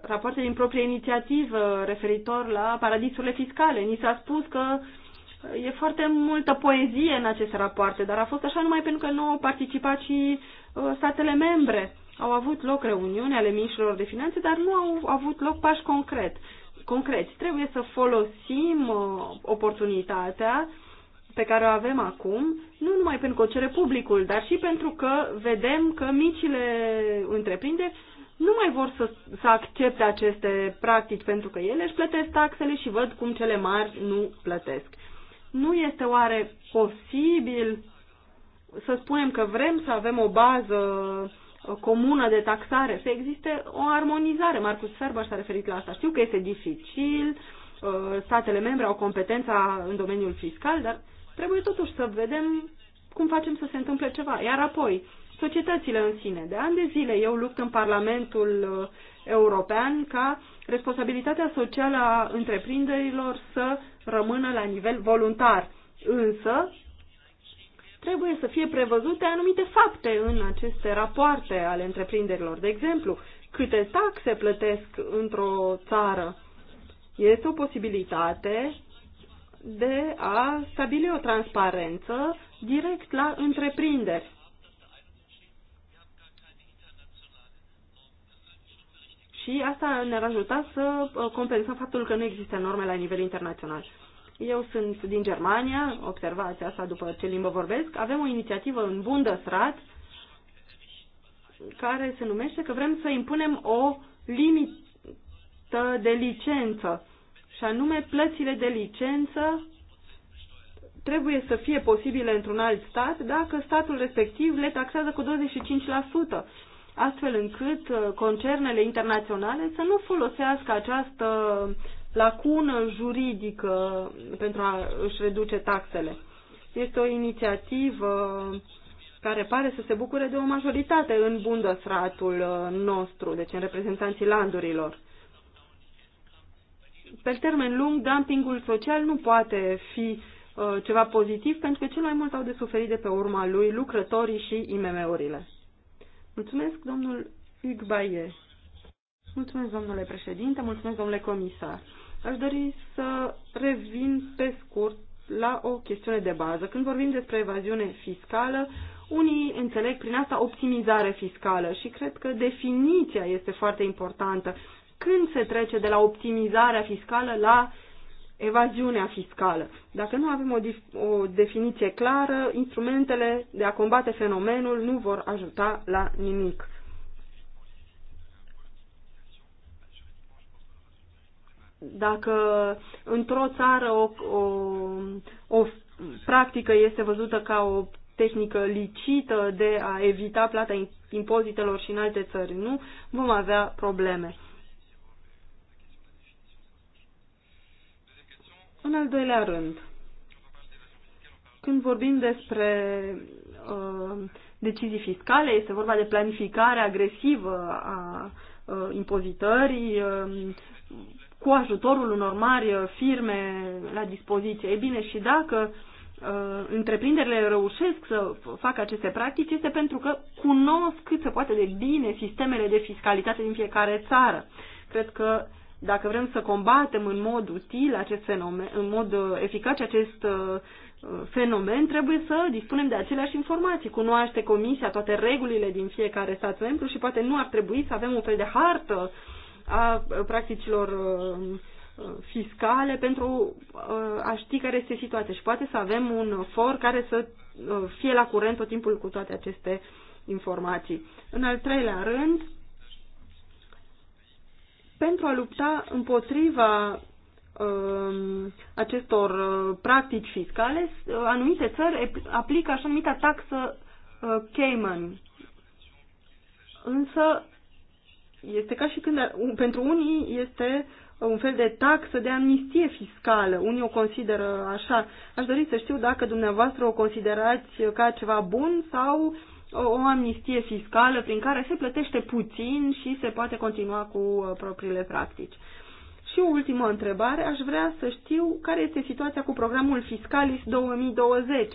rapoarte din proprie inițiativă referitor la paradisurile fiscale. Ni s-a spus că uh, e foarte multă poezie în aceste rapoarte, dar a fost așa numai pentru că nu au participat și statele membre. Au avut loc reuniuni ale ministrilor de finanțe, dar nu au avut loc pași concret. concreți. Trebuie să folosim uh, oportunitatea pe care o avem acum, nu numai pentru că o cere publicul, dar și pentru că vedem că micile întreprinderi nu mai vor să, să accepte aceste practici pentru că ele își plătesc taxele și văd cum cele mari nu plătesc. Nu este oare posibil să spunem că vrem să avem o bază comună de taxare, să existe o armonizare. Marcus Ferber s-a referit la asta. Știu că este dificil, uh, statele membre au competența în domeniul fiscal, dar trebuie totuși să vedem cum facem să se întâmple ceva. Iar apoi, societățile în sine. De ani de zile eu lupt în Parlamentul uh, European ca responsabilitatea socială a întreprinderilor să rămână la nivel voluntar. Însă, trebuie să fie prevăzute anumite fapte în aceste rapoarte ale întreprinderilor. De exemplu, câte taxe plătesc într-o țară. Este o posibilitate de a stabili o transparență direct la întreprinderi. Și asta ne-ar ajuta să uh, compensăm faptul că nu există norme la nivel internațional. Eu sunt din Germania, observați asta după ce limbă vorbesc. Avem o inițiativă în Bundesrat care se numește că vrem să impunem o limită de licență și anume plățile de licență trebuie să fie posibile într-un alt stat dacă statul respectiv le taxează cu 25%, astfel încât uh, concernele internaționale să nu folosească această uh, lacună juridică pentru a își reduce taxele. Este o inițiativă care pare să se bucure de o majoritate în bundăsratul uh, nostru, deci în reprezentanții landurilor. Pe termen lung, dumpingul social nu poate fi uh, ceva pozitiv pentru că cel mai mult au de suferit de pe urma lui lucrătorii și IMM-urile. Mulțumesc, domnul Hugh Baie. Mulțumesc, domnule președinte, mulțumesc, domnule comisar. Aș dori să revin pe scurt la o chestiune de bază. Când vorbim despre evaziune fiscală, unii înțeleg prin asta optimizare fiscală și cred că definiția este foarte importantă. Când se trece de la optimizarea fiscală la evaziunea fiscală? Dacă nu avem o, o definiție clară, instrumentele de a combate fenomenul nu vor ajuta la nimic. Dacă într-o țară o, o, o practică este văzută ca o tehnică licită de a evita plata impozitelor și în alte țări, nu, vom avea probleme. În al doilea rând, când vorbim despre uh, decizii fiscale, este vorba de planificare agresivă a uh, impozitării, uh, cu ajutorul unor mari uh, firme la dispoziție. E bine, și dacă uh, întreprinderile reușesc să facă aceste practici, este pentru că cunosc cât se poate de bine sistemele de fiscalitate din fiecare țară. Cred că dacă vrem să combatem în mod util acest fenomen, în mod uh, eficace acest uh, uh, fenomen, trebuie să dispunem de aceleași informații. Cunoaște comisia toate regulile din fiecare stat membru și poate nu ar trebui să avem un fel de hartă uh, a practicilor fiscale pentru a ști care este situația și poate să avem un for care să fie la curent tot timpul cu toate aceste informații. În al treilea rând, pentru a lupta împotriva acestor practici fiscale, anumite țări aplică așa numita taxă Cayman. Însă este ca și când, pentru unii este un fel de taxă de amnistie fiscală. Unii o consideră așa. Aș dori să știu dacă dumneavoastră o considerați ca ceva bun sau o amnistie fiscală prin care se plătește puțin și se poate continua cu uh, propriile practici. Și o ultimă întrebare, aș vrea să știu care este situația cu programul Fiscalis 2020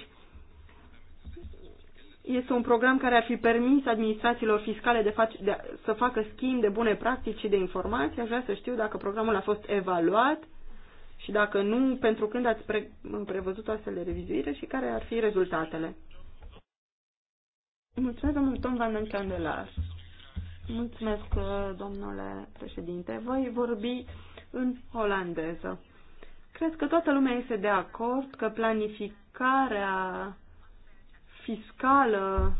este un program care ar fi permis administrațiilor fiscale de fac, de, să facă schimb de bune practici și de informații. Aș vrea să știu dacă programul a fost evaluat și dacă nu, pentru când ați pre, prevăzut o astfel de revizuire și care ar fi rezultatele. Mulțumesc, domnul Tom Van Candelar. Mulțumesc, uh, domnule președinte. Voi vorbi în olandeză. Cred că toată lumea este de acord că planificarea fiscală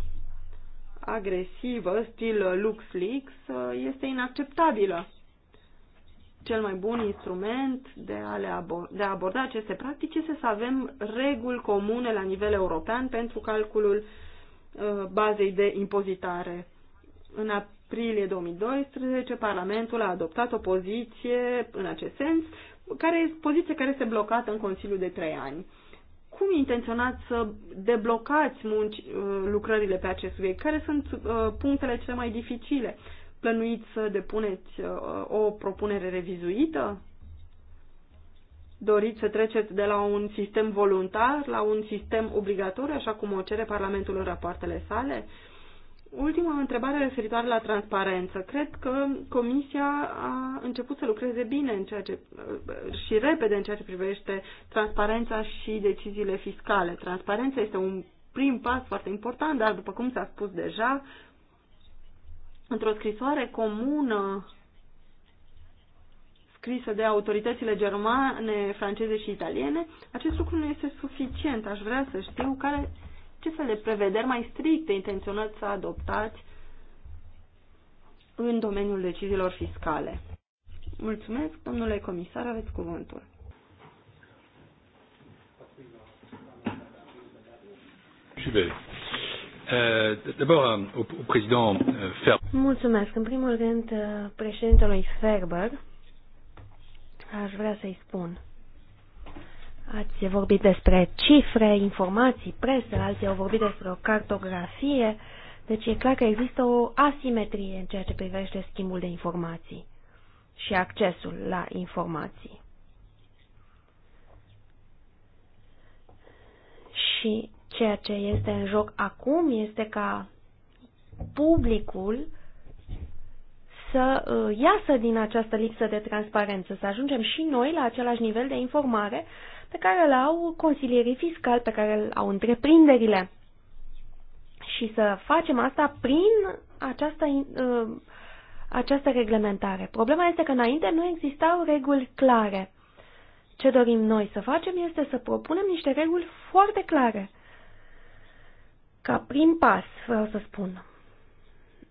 agresivă, stil LuxLeaks, este inacceptabilă. Cel mai bun instrument de a, le abor- de a aborda aceste practici este să avem reguli comune la nivel european pentru calculul uh, bazei de impozitare. În aprilie 2012, Parlamentul a adoptat o poziție în acest sens, care, poziție care este blocată în Consiliul de trei ani cum intenționați să deblocați munci, uh, lucrările pe acest subiect? Care sunt uh, punctele cele mai dificile? Plănuiți să depuneți uh, o propunere revizuită? Doriți să treceți de la un sistem voluntar la un sistem obligatoriu, așa cum o cere Parlamentul în rapoartele sale? Uh, Ultima întrebare referitoare la transparență. Cred că Comisia a început să lucreze bine în ceea ce, și repede în ceea ce privește transparența și deciziile fiscale. Transparența este un prim pas foarte important, dar după cum s-a spus deja, într-o scrisoare comună scrisă de autoritățile germane, franceze și italiene, acest lucru nu este suficient. Aș vrea să știu care ce fel de prevederi mai stricte intenționați să adoptați în domeniul deciziilor fiscale. Mulțumesc, domnule comisar, aveți cuvântul. Euh, euh, euh, Mulțumesc. În primul rând, uh, președintelui Ferber, aș vrea să-i spun Ați vorbit despre cifre, informații, presă, alții au vorbit despre o cartografie, deci e clar că există o asimetrie în ceea ce privește schimbul de informații și accesul la informații. Și ceea ce este în joc acum este ca publicul să uh, iasă din această lipsă de transparență, să ajungem și noi la același nivel de informare pe care îl au consilierii fiscali, pe care îl au întreprinderile. Și să facem asta prin această, uh, această reglementare. Problema este că înainte nu existau reguli clare. Ce dorim noi să facem este să propunem niște reguli foarte clare. Ca prim pas, vreau să spun.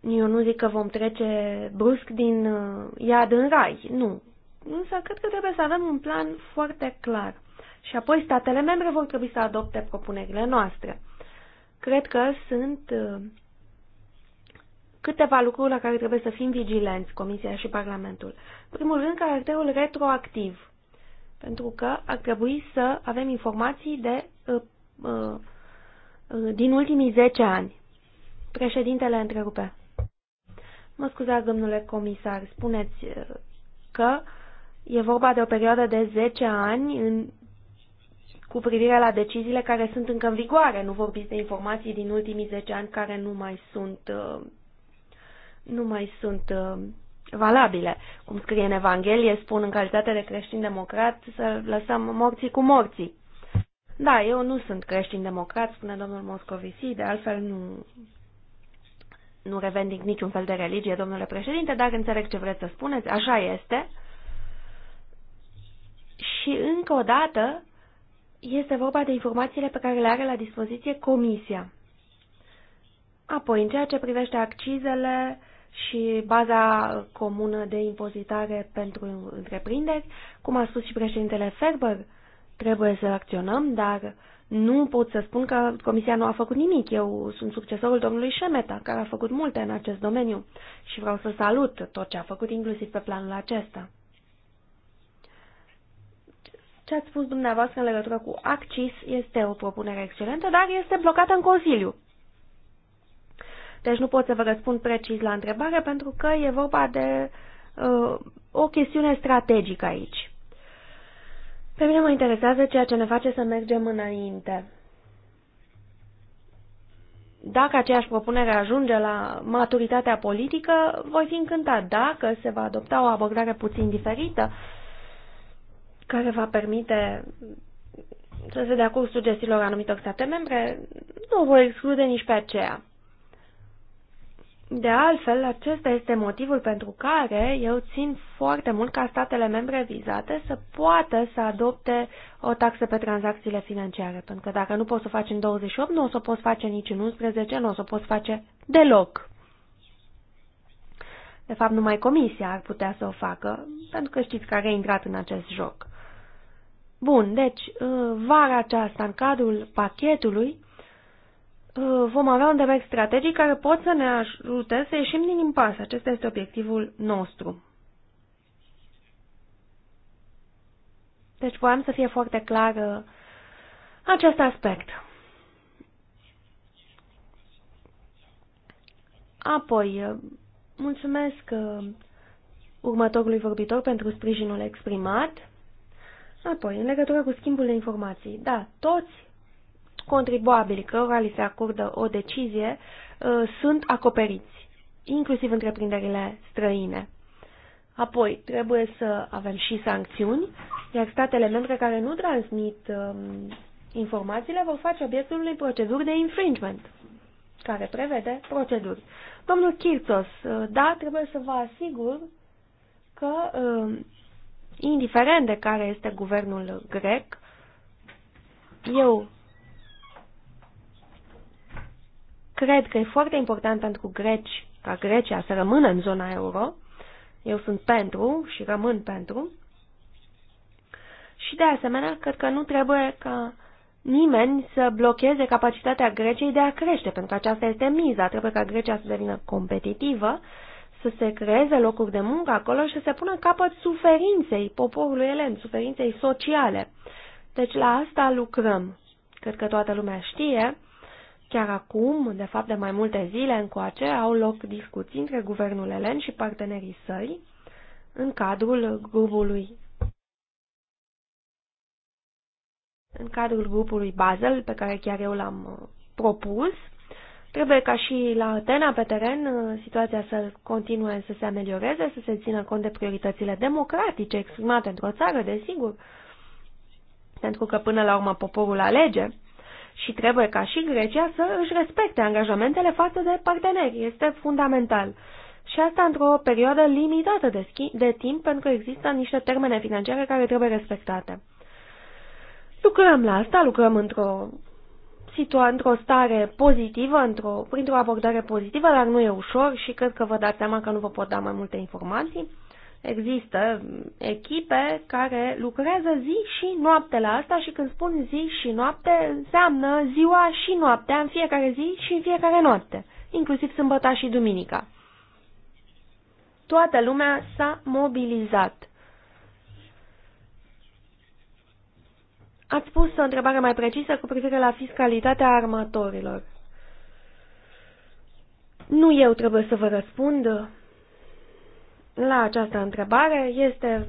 Eu nu zic că vom trece brusc din uh, iad în rai, nu. Însă cred că trebuie să avem un plan foarte clar și apoi statele membre vor trebui să adopte propunerile noastre. Cred că sunt uh, câteva lucruri la care trebuie să fim vigilenți, Comisia și Parlamentul. primul rând, caracterul retroactiv, pentru că ar trebui să avem informații de, uh, uh, din ultimii 10 ani. Președintele întrerupe. Mă scuzați, domnule comisar, spuneți că e vorba de o perioadă de 10 ani în, cu privire la deciziile care sunt încă în vigoare. Nu vorbiți de informații din ultimii 10 ani care nu mai sunt, uh, nu mai sunt uh, valabile. Cum scrie în Evanghelie, spun în calitate de creștin-democrat să lăsăm morții cu morții. Da, eu nu sunt creștin-democrat, spune domnul Moscovici, de altfel nu, nu revendic niciun fel de religie, domnule președinte, dar înțeleg ce vreți să spuneți, așa este. Și încă o dată, este vorba de informațiile pe care le are la dispoziție Comisia. Apoi, în ceea ce privește accizele și baza comună de impozitare pentru întreprinderi, cum a spus și președintele Ferber, trebuie să acționăm, dar nu pot să spun că Comisia nu a făcut nimic. Eu sunt succesorul domnului Șemeta, care a făcut multe în acest domeniu și vreau să salut tot ce a făcut, inclusiv pe planul acesta. Ce ați spus dumneavoastră în legătură cu accis este o propunere excelentă, dar este blocată în Consiliu. Deci nu pot să vă răspund precis la întrebare pentru că e vorba de uh, o chestiune strategică aici. Pe mine mă interesează ceea ce ne face să mergem înainte. Dacă aceeași propunere ajunge la maturitatea politică, voi fi încântat dacă se va adopta o abordare puțin diferită, uh, care va permite să se dea curs sugestiilor anumitor state membre, nu o voi exclude nici pe aceea. De altfel, acesta este motivul pentru care eu țin foarte mult ca statele membre vizate să poată să adopte o taxă pe tranzacțiile financiare, pentru că dacă nu poți să o faci în 28, nu o să o poți face nici în 11, nu o să o poți face deloc. De fapt, numai comisia ar putea să o facă, pentru că știți că a intrat în acest joc. Bun, deci, uh, vara aceasta, în cadrul pachetului, uh, vom avea un demers strategic care pot să ne ajute să ieșim din impas. Acesta este obiectivul nostru. Deci voiam să fie foarte clar uh, acest aspect. Apoi, mulțumesc următorului vorbitor pentru sprijinul exprimat. Apoi, în legătură cu schimbul de informații, da, toți contribuabili cărora li se acordă o decizie uh, sunt acoperiți, inclusiv întreprinderile străine. Apoi, trebuie să avem și sancțiuni, iar statele membre care nu transmit um, informațiile vor face obiectul unei proceduri de infringement, care prevede proceduri. Domnul Kirtos, uh, da, trebuie să vă asigur că um, indiferent de care este guvernul grec, eu cred că e foarte important pentru greci ca Grecia să rămână în zona euro. Eu sunt pentru și rămân pentru. Și de asemenea, cred că nu trebuie ca nimeni să blocheze capacitatea Greciei de a crește, pentru că aceasta este miza. Trebuie ca Grecia să devină competitivă să se creeze locuri de muncă acolo și să se pună capăt suferinței poporului elen, suferinței sociale. Deci la asta lucrăm. Cred că toată lumea știe. Chiar acum, de fapt de mai multe zile încoace, au loc discuții între guvernul elen și partenerii săi în cadrul grupului în cadrul grupului Basel, pe care chiar eu l-am uh, propus, Trebuie ca și la Atena, pe teren, uh, situația să continue să se amelioreze, să se țină cont de prioritățile democratice exprimate într-o țară, desigur, pentru că până la urmă poporul alege și trebuie ca și Grecia să își respecte angajamentele față de parteneri. Este fundamental. Și asta într-o perioadă limitată de, de timp, pentru că există niște termene financiare care trebuie respectate. Lucrăm la asta, lucrăm într-o situa într-o stare pozitivă, într-o, printr-o abordare pozitivă, dar nu e ușor și cred că vă dați seama că nu vă pot da mai multe informații. Există mm, echipe care lucrează zi și noapte la asta și când spun zi și noapte, înseamnă ziua și noaptea, în fiecare zi și în fiecare noapte, inclusiv sâmbăta și duminica. Toată lumea s-a mobilizat Ați pus o întrebare mai precisă cu privire la fiscalitatea armatorilor. Nu eu trebuie să vă răspund la această întrebare. Este,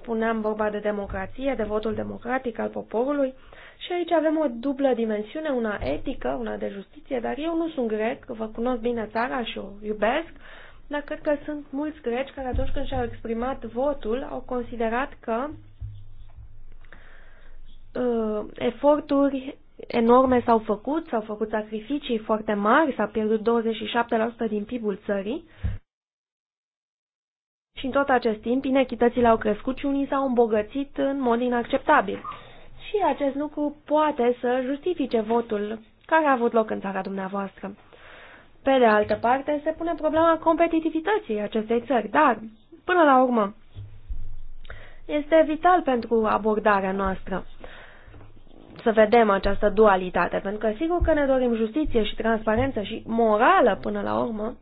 spuneam, vorba de democrație, de votul democratic al poporului și aici avem o dublă dimensiune, una etică, una de justiție, dar eu nu sunt grec, vă cunosc bine țara și o iubesc, dar cred că sunt mulți greci care atunci când și-au exprimat votul au considerat că Uh, eforturi enorme s-au făcut, s-au făcut sacrificii foarte mari, s-a pierdut 27% din PIB-ul țării. Și în tot acest timp, inechitățile au crescut și unii s-au îmbogățit în mod inacceptabil. Și acest lucru poate să justifice votul care a avut loc în țara dumneavoastră. Pe de altă parte, se pune problema competitivității acestei țări, dar, până la urmă, este vital pentru abordarea noastră să vedem această dualitate, pentru că sigur că ne dorim justiție și transparență și morală până la urmă,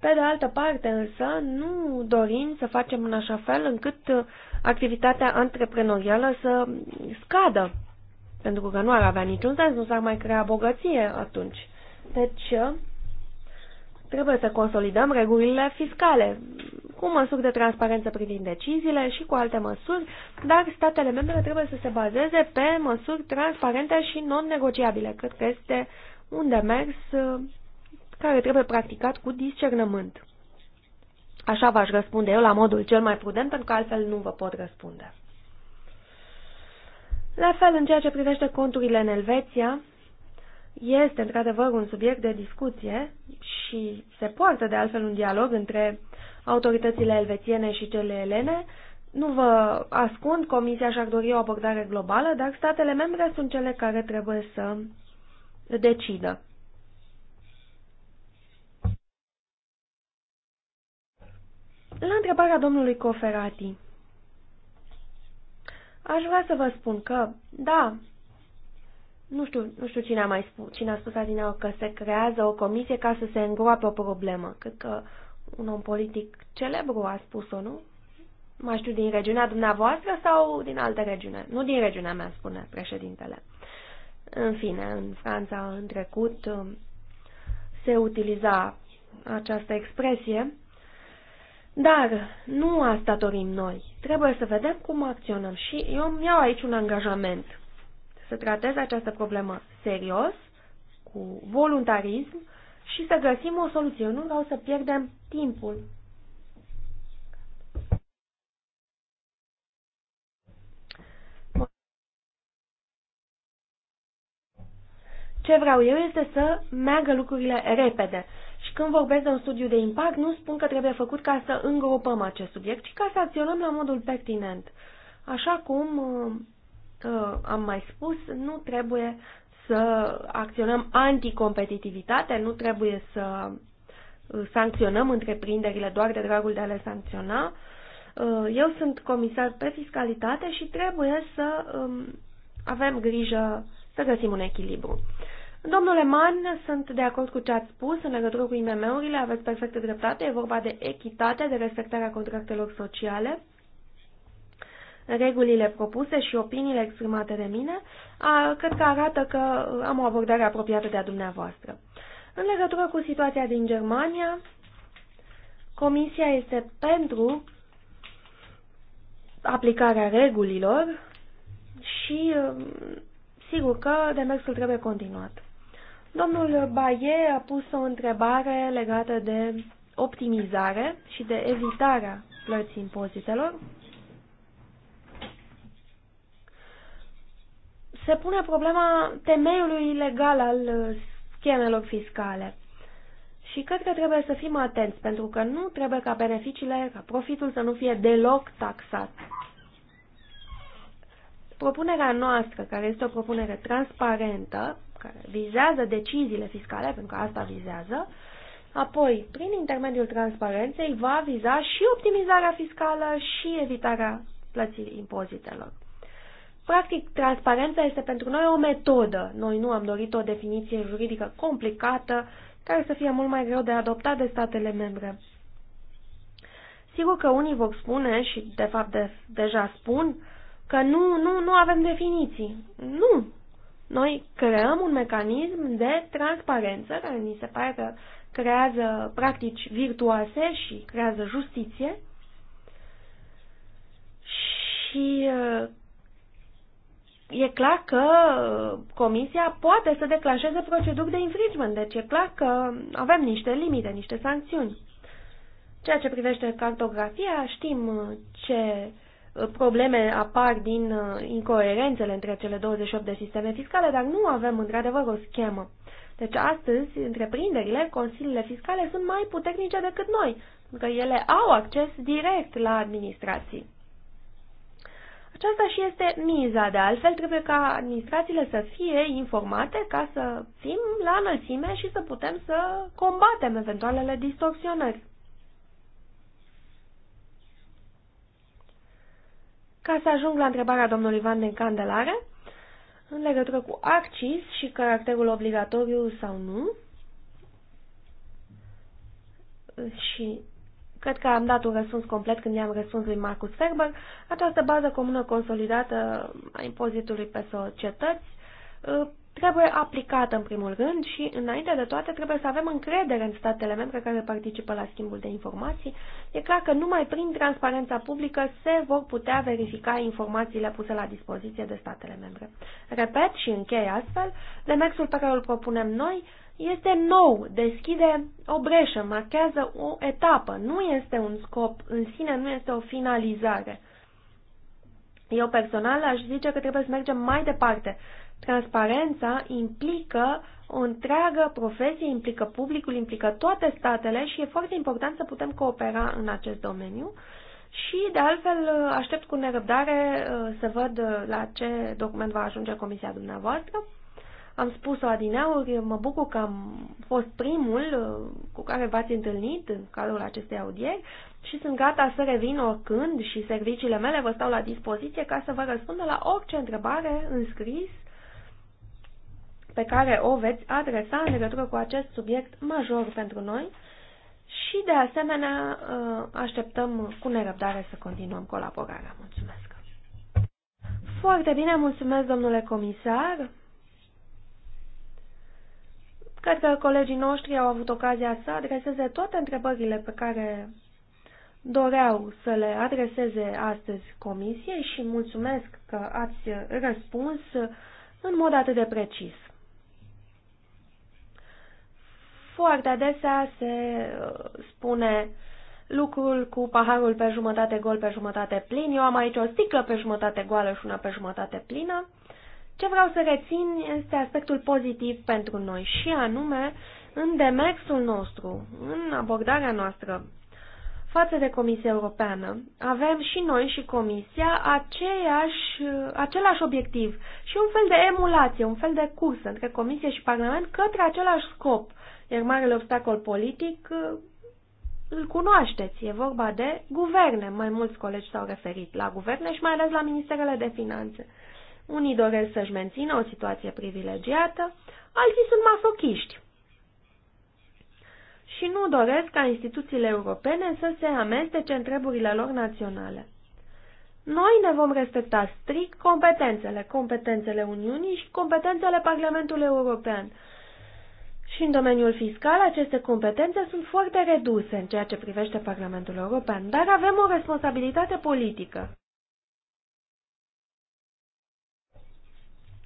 pe de altă parte însă nu dorim să facem în așa fel încât uh, activitatea antreprenorială să scadă, pentru că nu ar avea niciun sens, nu s-ar mai crea bogăție atunci. Deci uh, trebuie să consolidăm regulile fiscale cu măsuri de transparență privind deciziile și cu alte măsuri, dar statele membre trebuie să se bazeze pe măsuri transparente și non-negociabile. Cred că este un demers uh, care trebuie practicat cu discernământ. Așa v-aș răspunde eu la modul cel mai prudent, pentru că altfel nu vă pot răspunde. La fel, în ceea ce privește conturile în Elveția, este într-adevăr un subiect de discuție și se poartă de altfel un dialog între autoritățile elvețiene și cele elene. Nu vă ascund, Comisia și-ar dori o abordare globală, dar statele membre sunt cele care trebuie să decidă. La întrebarea domnului Coferati, aș vrea să vă spun că, da, nu știu, nu știu cine a mai spus, cine a spus adineau că se creează o comisie ca să se îngroape o problemă. Cred că uh, un om politic celebru a spus-o, nu? Mai știu din regiunea dumneavoastră sau din altă regiune? Nu din regiunea mea, spune președintele. În fine, în Franța, în trecut, um, se utiliza această expresie, dar nu asta dorim noi. Trebuie să vedem cum acționăm și eu îmi iau aici un angajament să tratez această problemă serios, cu voluntarism și să găsim o soluție. Eu nu vreau să pierdem timpul. Ce vreau eu este să meargă lucrurile repede. Și când vorbesc de un studiu de impact, nu spun că trebuie făcut ca să îngropăm acest subiect, ci ca să acționăm la modul pertinent. Așa cum uh, uh am mai spus, nu trebuie să acționăm anticompetitivitate, nu trebuie să uh, sancționăm întreprinderile doar de dragul de a le sancționa. Uh, eu sunt comisar pe fiscalitate și trebuie să um, avem grijă să găsim un echilibru. Domnule Man, sunt de acord cu ce ați spus în legătură cu IMM-urile, aveți perfectă dreptate, e vorba de echitate, de respectarea contractelor sociale regulile propuse și opiniile exprimate de mine, a, cred că arată că uh, am o abordare apropiată de a dumneavoastră. În legătură cu situația din Germania, Comisia este pentru aplicarea regulilor și uh, sigur că demersul trebuie continuat. Domnul Baie a pus o întrebare legată de optimizare și de evitarea plății impozitelor. se pune problema temeiului legal al uh, schemelor fiscale. Și cred că trebuie să fim atenți, pentru că nu trebuie ca beneficiile, ca profitul să nu fie deloc taxat. Propunerea noastră, care este o propunere transparentă, care vizează deciziile fiscale, pentru că asta vizează, apoi, prin intermediul transparenței, va viza și optimizarea fiscală și evitarea plății impozitelor. Practic, transparența este pentru noi o metodă. Noi nu am dorit o definiție juridică complicată, care să fie mult mai greu de adoptat de statele membre. Sigur că unii vor spune, și de fapt de, deja spun, că nu, nu, nu avem definiții. Nu! Noi creăm un mecanism de transparență, care ni se pare că creează practici virtuoase și creează justiție și uh, e clar că uh, comisia poate să declanșeze proceduri de infringement, deci e clar că avem niște limite, niște sancțiuni. Ceea ce privește cartografia, știm uh, ce uh, probleme apar din incoerențele între cele 28 de sisteme fiscale, dar nu avem într-adevăr o schemă. Deci astăzi, întreprinderile, consiliile fiscale sunt mai puternice decât noi, pentru că ele au acces direct la administrații. Aceasta și este miza, de altfel trebuie ca administrațiile să fie informate ca să fim la înălțime și să putem să combatem eventualele distorsionări. Ca să ajung la întrebarea domnului Van din Candelare, în legătură cu accis și caracterul obligatoriu sau nu, și Cred că am dat un răspuns complet când i-am răspuns lui Marcus Ferber. Această bază comună consolidată a impozitului pe societăți uh, trebuie aplicată în primul rând și, înainte de toate, trebuie să avem încredere în statele membre care participă la schimbul de informații. E clar că numai prin transparența publică se vor putea verifica informațiile puse la dispoziție de statele membre. Repet și închei astfel, demersul pe care îl propunem noi este nou, deschide o breșă, marchează o etapă, nu este un scop în sine, nu este o finalizare. Eu personal aș zice că trebuie să mergem mai departe. Transparența implică o întreagă profesie, implică publicul, implică toate statele și e foarte important să putem coopera în acest domeniu. Și, de altfel, aștept cu nerăbdare uh, să văd uh, la ce document va ajunge comisia dumneavoastră am spus-o adineauri, mă bucur că am fost primul uh, cu care v-ați întâlnit în cadrul acestei audieri și sunt gata să revin oricând și serviciile mele vă stau la dispoziție ca să vă răspundă la orice întrebare în scris pe care o veți adresa în legătură cu acest subiect major pentru noi și, de asemenea, uh, așteptăm cu nerăbdare să continuăm colaborarea. Mulțumesc! Foarte bine, mulțumesc, domnule comisar! Cred că colegii noștri au avut ocazia să adreseze toate întrebările pe care doreau să le adreseze astăzi comisiei și mulțumesc că ați răspuns în mod atât de precis. Foarte adesea se uh, spune lucrul cu paharul pe jumătate gol, pe jumătate plin. Eu am aici o sticlă pe jumătate goală și una pe jumătate plină. Ce vreau să rețin este aspectul pozitiv pentru noi și anume în demersul nostru, în abordarea noastră față de Comisia Europeană. Avem și noi și Comisia aceeași, același obiectiv și un fel de emulație, un fel de curs între Comisie și Parlament către același scop. Iar marele obstacol politic îl cunoașteți, e vorba de guverne. Mai mulți colegi s-au referit la guverne și mai ales la Ministerele de Finanțe. Unii doresc să-și mențină o situație privilegiată, alții sunt masochiști și nu doresc ca instituțiile europene să se amestece în treburile lor naționale. Noi ne vom respecta strict competențele, competențele Uniunii și competențele Parlamentului European. Și în domeniul fiscal, aceste competențe sunt foarte reduse în ceea ce privește Parlamentul European, dar avem o responsabilitate politică.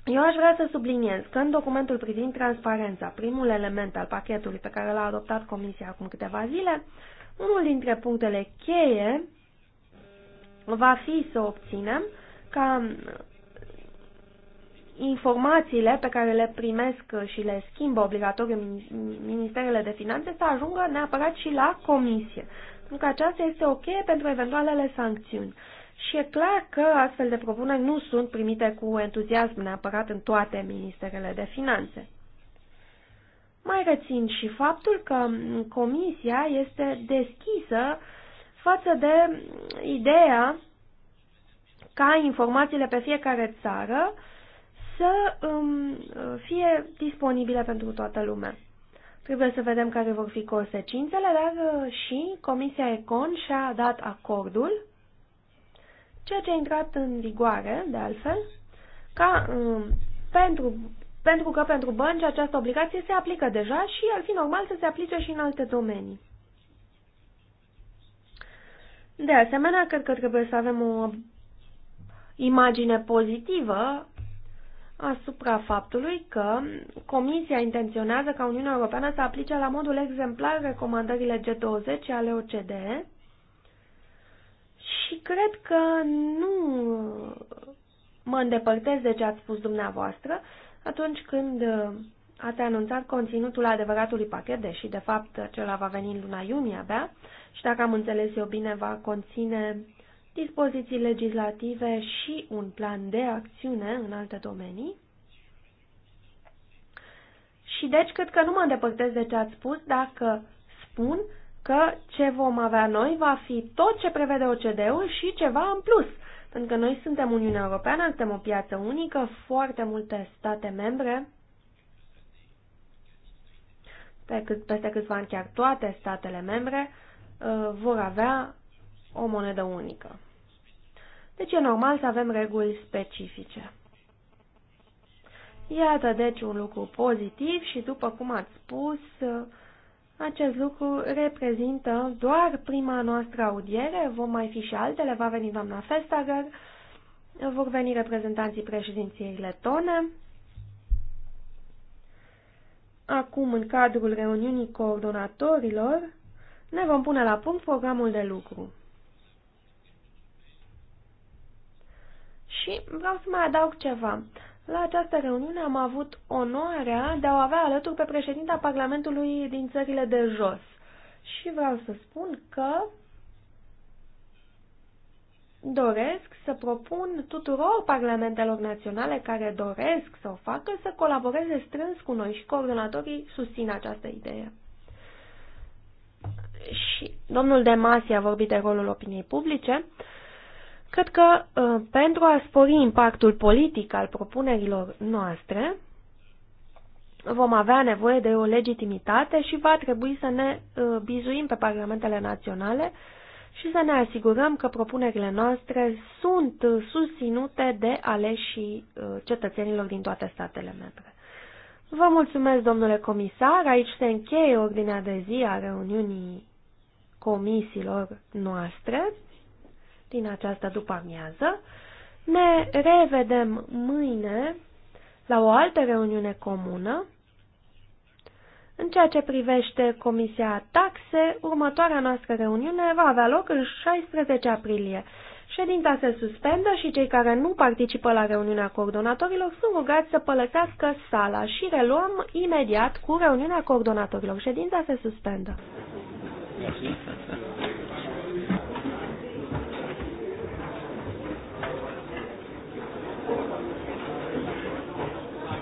Eu aș vrea să subliniez că în documentul privind transparența, primul element al pachetului pe care l-a adoptat Comisia acum câteva zile, unul dintre punctele cheie va fi să obținem ca informațiile pe care le primesc și le schimbă obligatoriu Ministerele de Finanțe să ajungă neapărat și la Comisie. Pentru că aceasta este o cheie pentru eventualele sancțiuni și e clar că astfel de propuneri nu sunt primite cu entuziasm neapărat în toate ministerele de finanțe. Mai rețin și faptul că comisia este deschisă față de ideea ca informațiile pe fiecare țară să um, fie disponibile pentru toată lumea. Trebuie să vedem care vor fi consecințele, dar uh, și Comisia Econ și-a dat acordul ceea ce a intrat în vigoare, de altfel, ca um, pentru, pentru că pentru bănci această obligație se aplică deja și ar fi normal să se aplice și în alte domenii. De asemenea, cred că trebuie să avem o imagine pozitivă asupra faptului că Comisia intenționează ca Uniunea Europeană să aplice la modul exemplar recomandările G20 ale OCDE și cred că nu mă îndepărtez de ce ați spus dumneavoastră atunci când uh, ați anunțat conținutul adevăratului pachet, deși de fapt acela va veni în luna iunie abia și dacă am înțeles eu bine va conține dispoziții legislative și un plan de acțiune în alte domenii. Și deci cred că nu mă îndepărtez de ce ați spus dacă spun că ce vom avea noi va fi tot ce prevede OCDE-ul și ceva în plus. Pentru că noi suntem Uniunea Europeană, suntem o piață unică, foarte multe state membre, pe cât, peste câțiva ani chiar toate statele membre, uh, vor avea o monedă unică. Deci e normal să avem reguli specifice. Iată deci un lucru pozitiv și după cum ați spus, uh, acest lucru reprezintă doar prima noastră audiere, vor mai fi și altele, va veni doamna Festager, vor veni reprezentanții președinției letone. Acum, în cadrul reuniunii coordonatorilor, ne vom pune la punct programul de lucru. Și vreau să mai adaug ceva. La această reuniune am avut onoarea de a o avea alături pe președinta Parlamentului din țările de jos. Și vreau să spun că doresc să propun tuturor parlamentelor naționale care doresc să o facă să colaboreze strâns cu noi și coordonatorii susțin această idee. Și domnul Demasi a vorbit de rolul opiniei publice. Uh, Cred că ă, pentru a spori impactul politic al propunerilor noastre, vom avea nevoie de o legitimitate și va trebui să ne ă, bizuim pe parlamentele naționale și să ne asigurăm că propunerile noastre sunt ă, susținute de aleșii cetățenilor din toate statele membre. Vă mulțumesc, domnule comisar. Aici se încheie ordinea de zi a reuniunii comisiilor noastre din această după-amiază. Ne revedem mâine la o altă reuniune comună. În ceea ce privește Comisia Taxe, următoarea noastră reuniune va avea loc în 16 aprilie. Ședința se suspendă și cei care nu participă la reuniunea coordonatorilor sunt rugați să pălătească sala și reluăm imediat cu reuniunea coordonatorilor. Ședința se suspendă.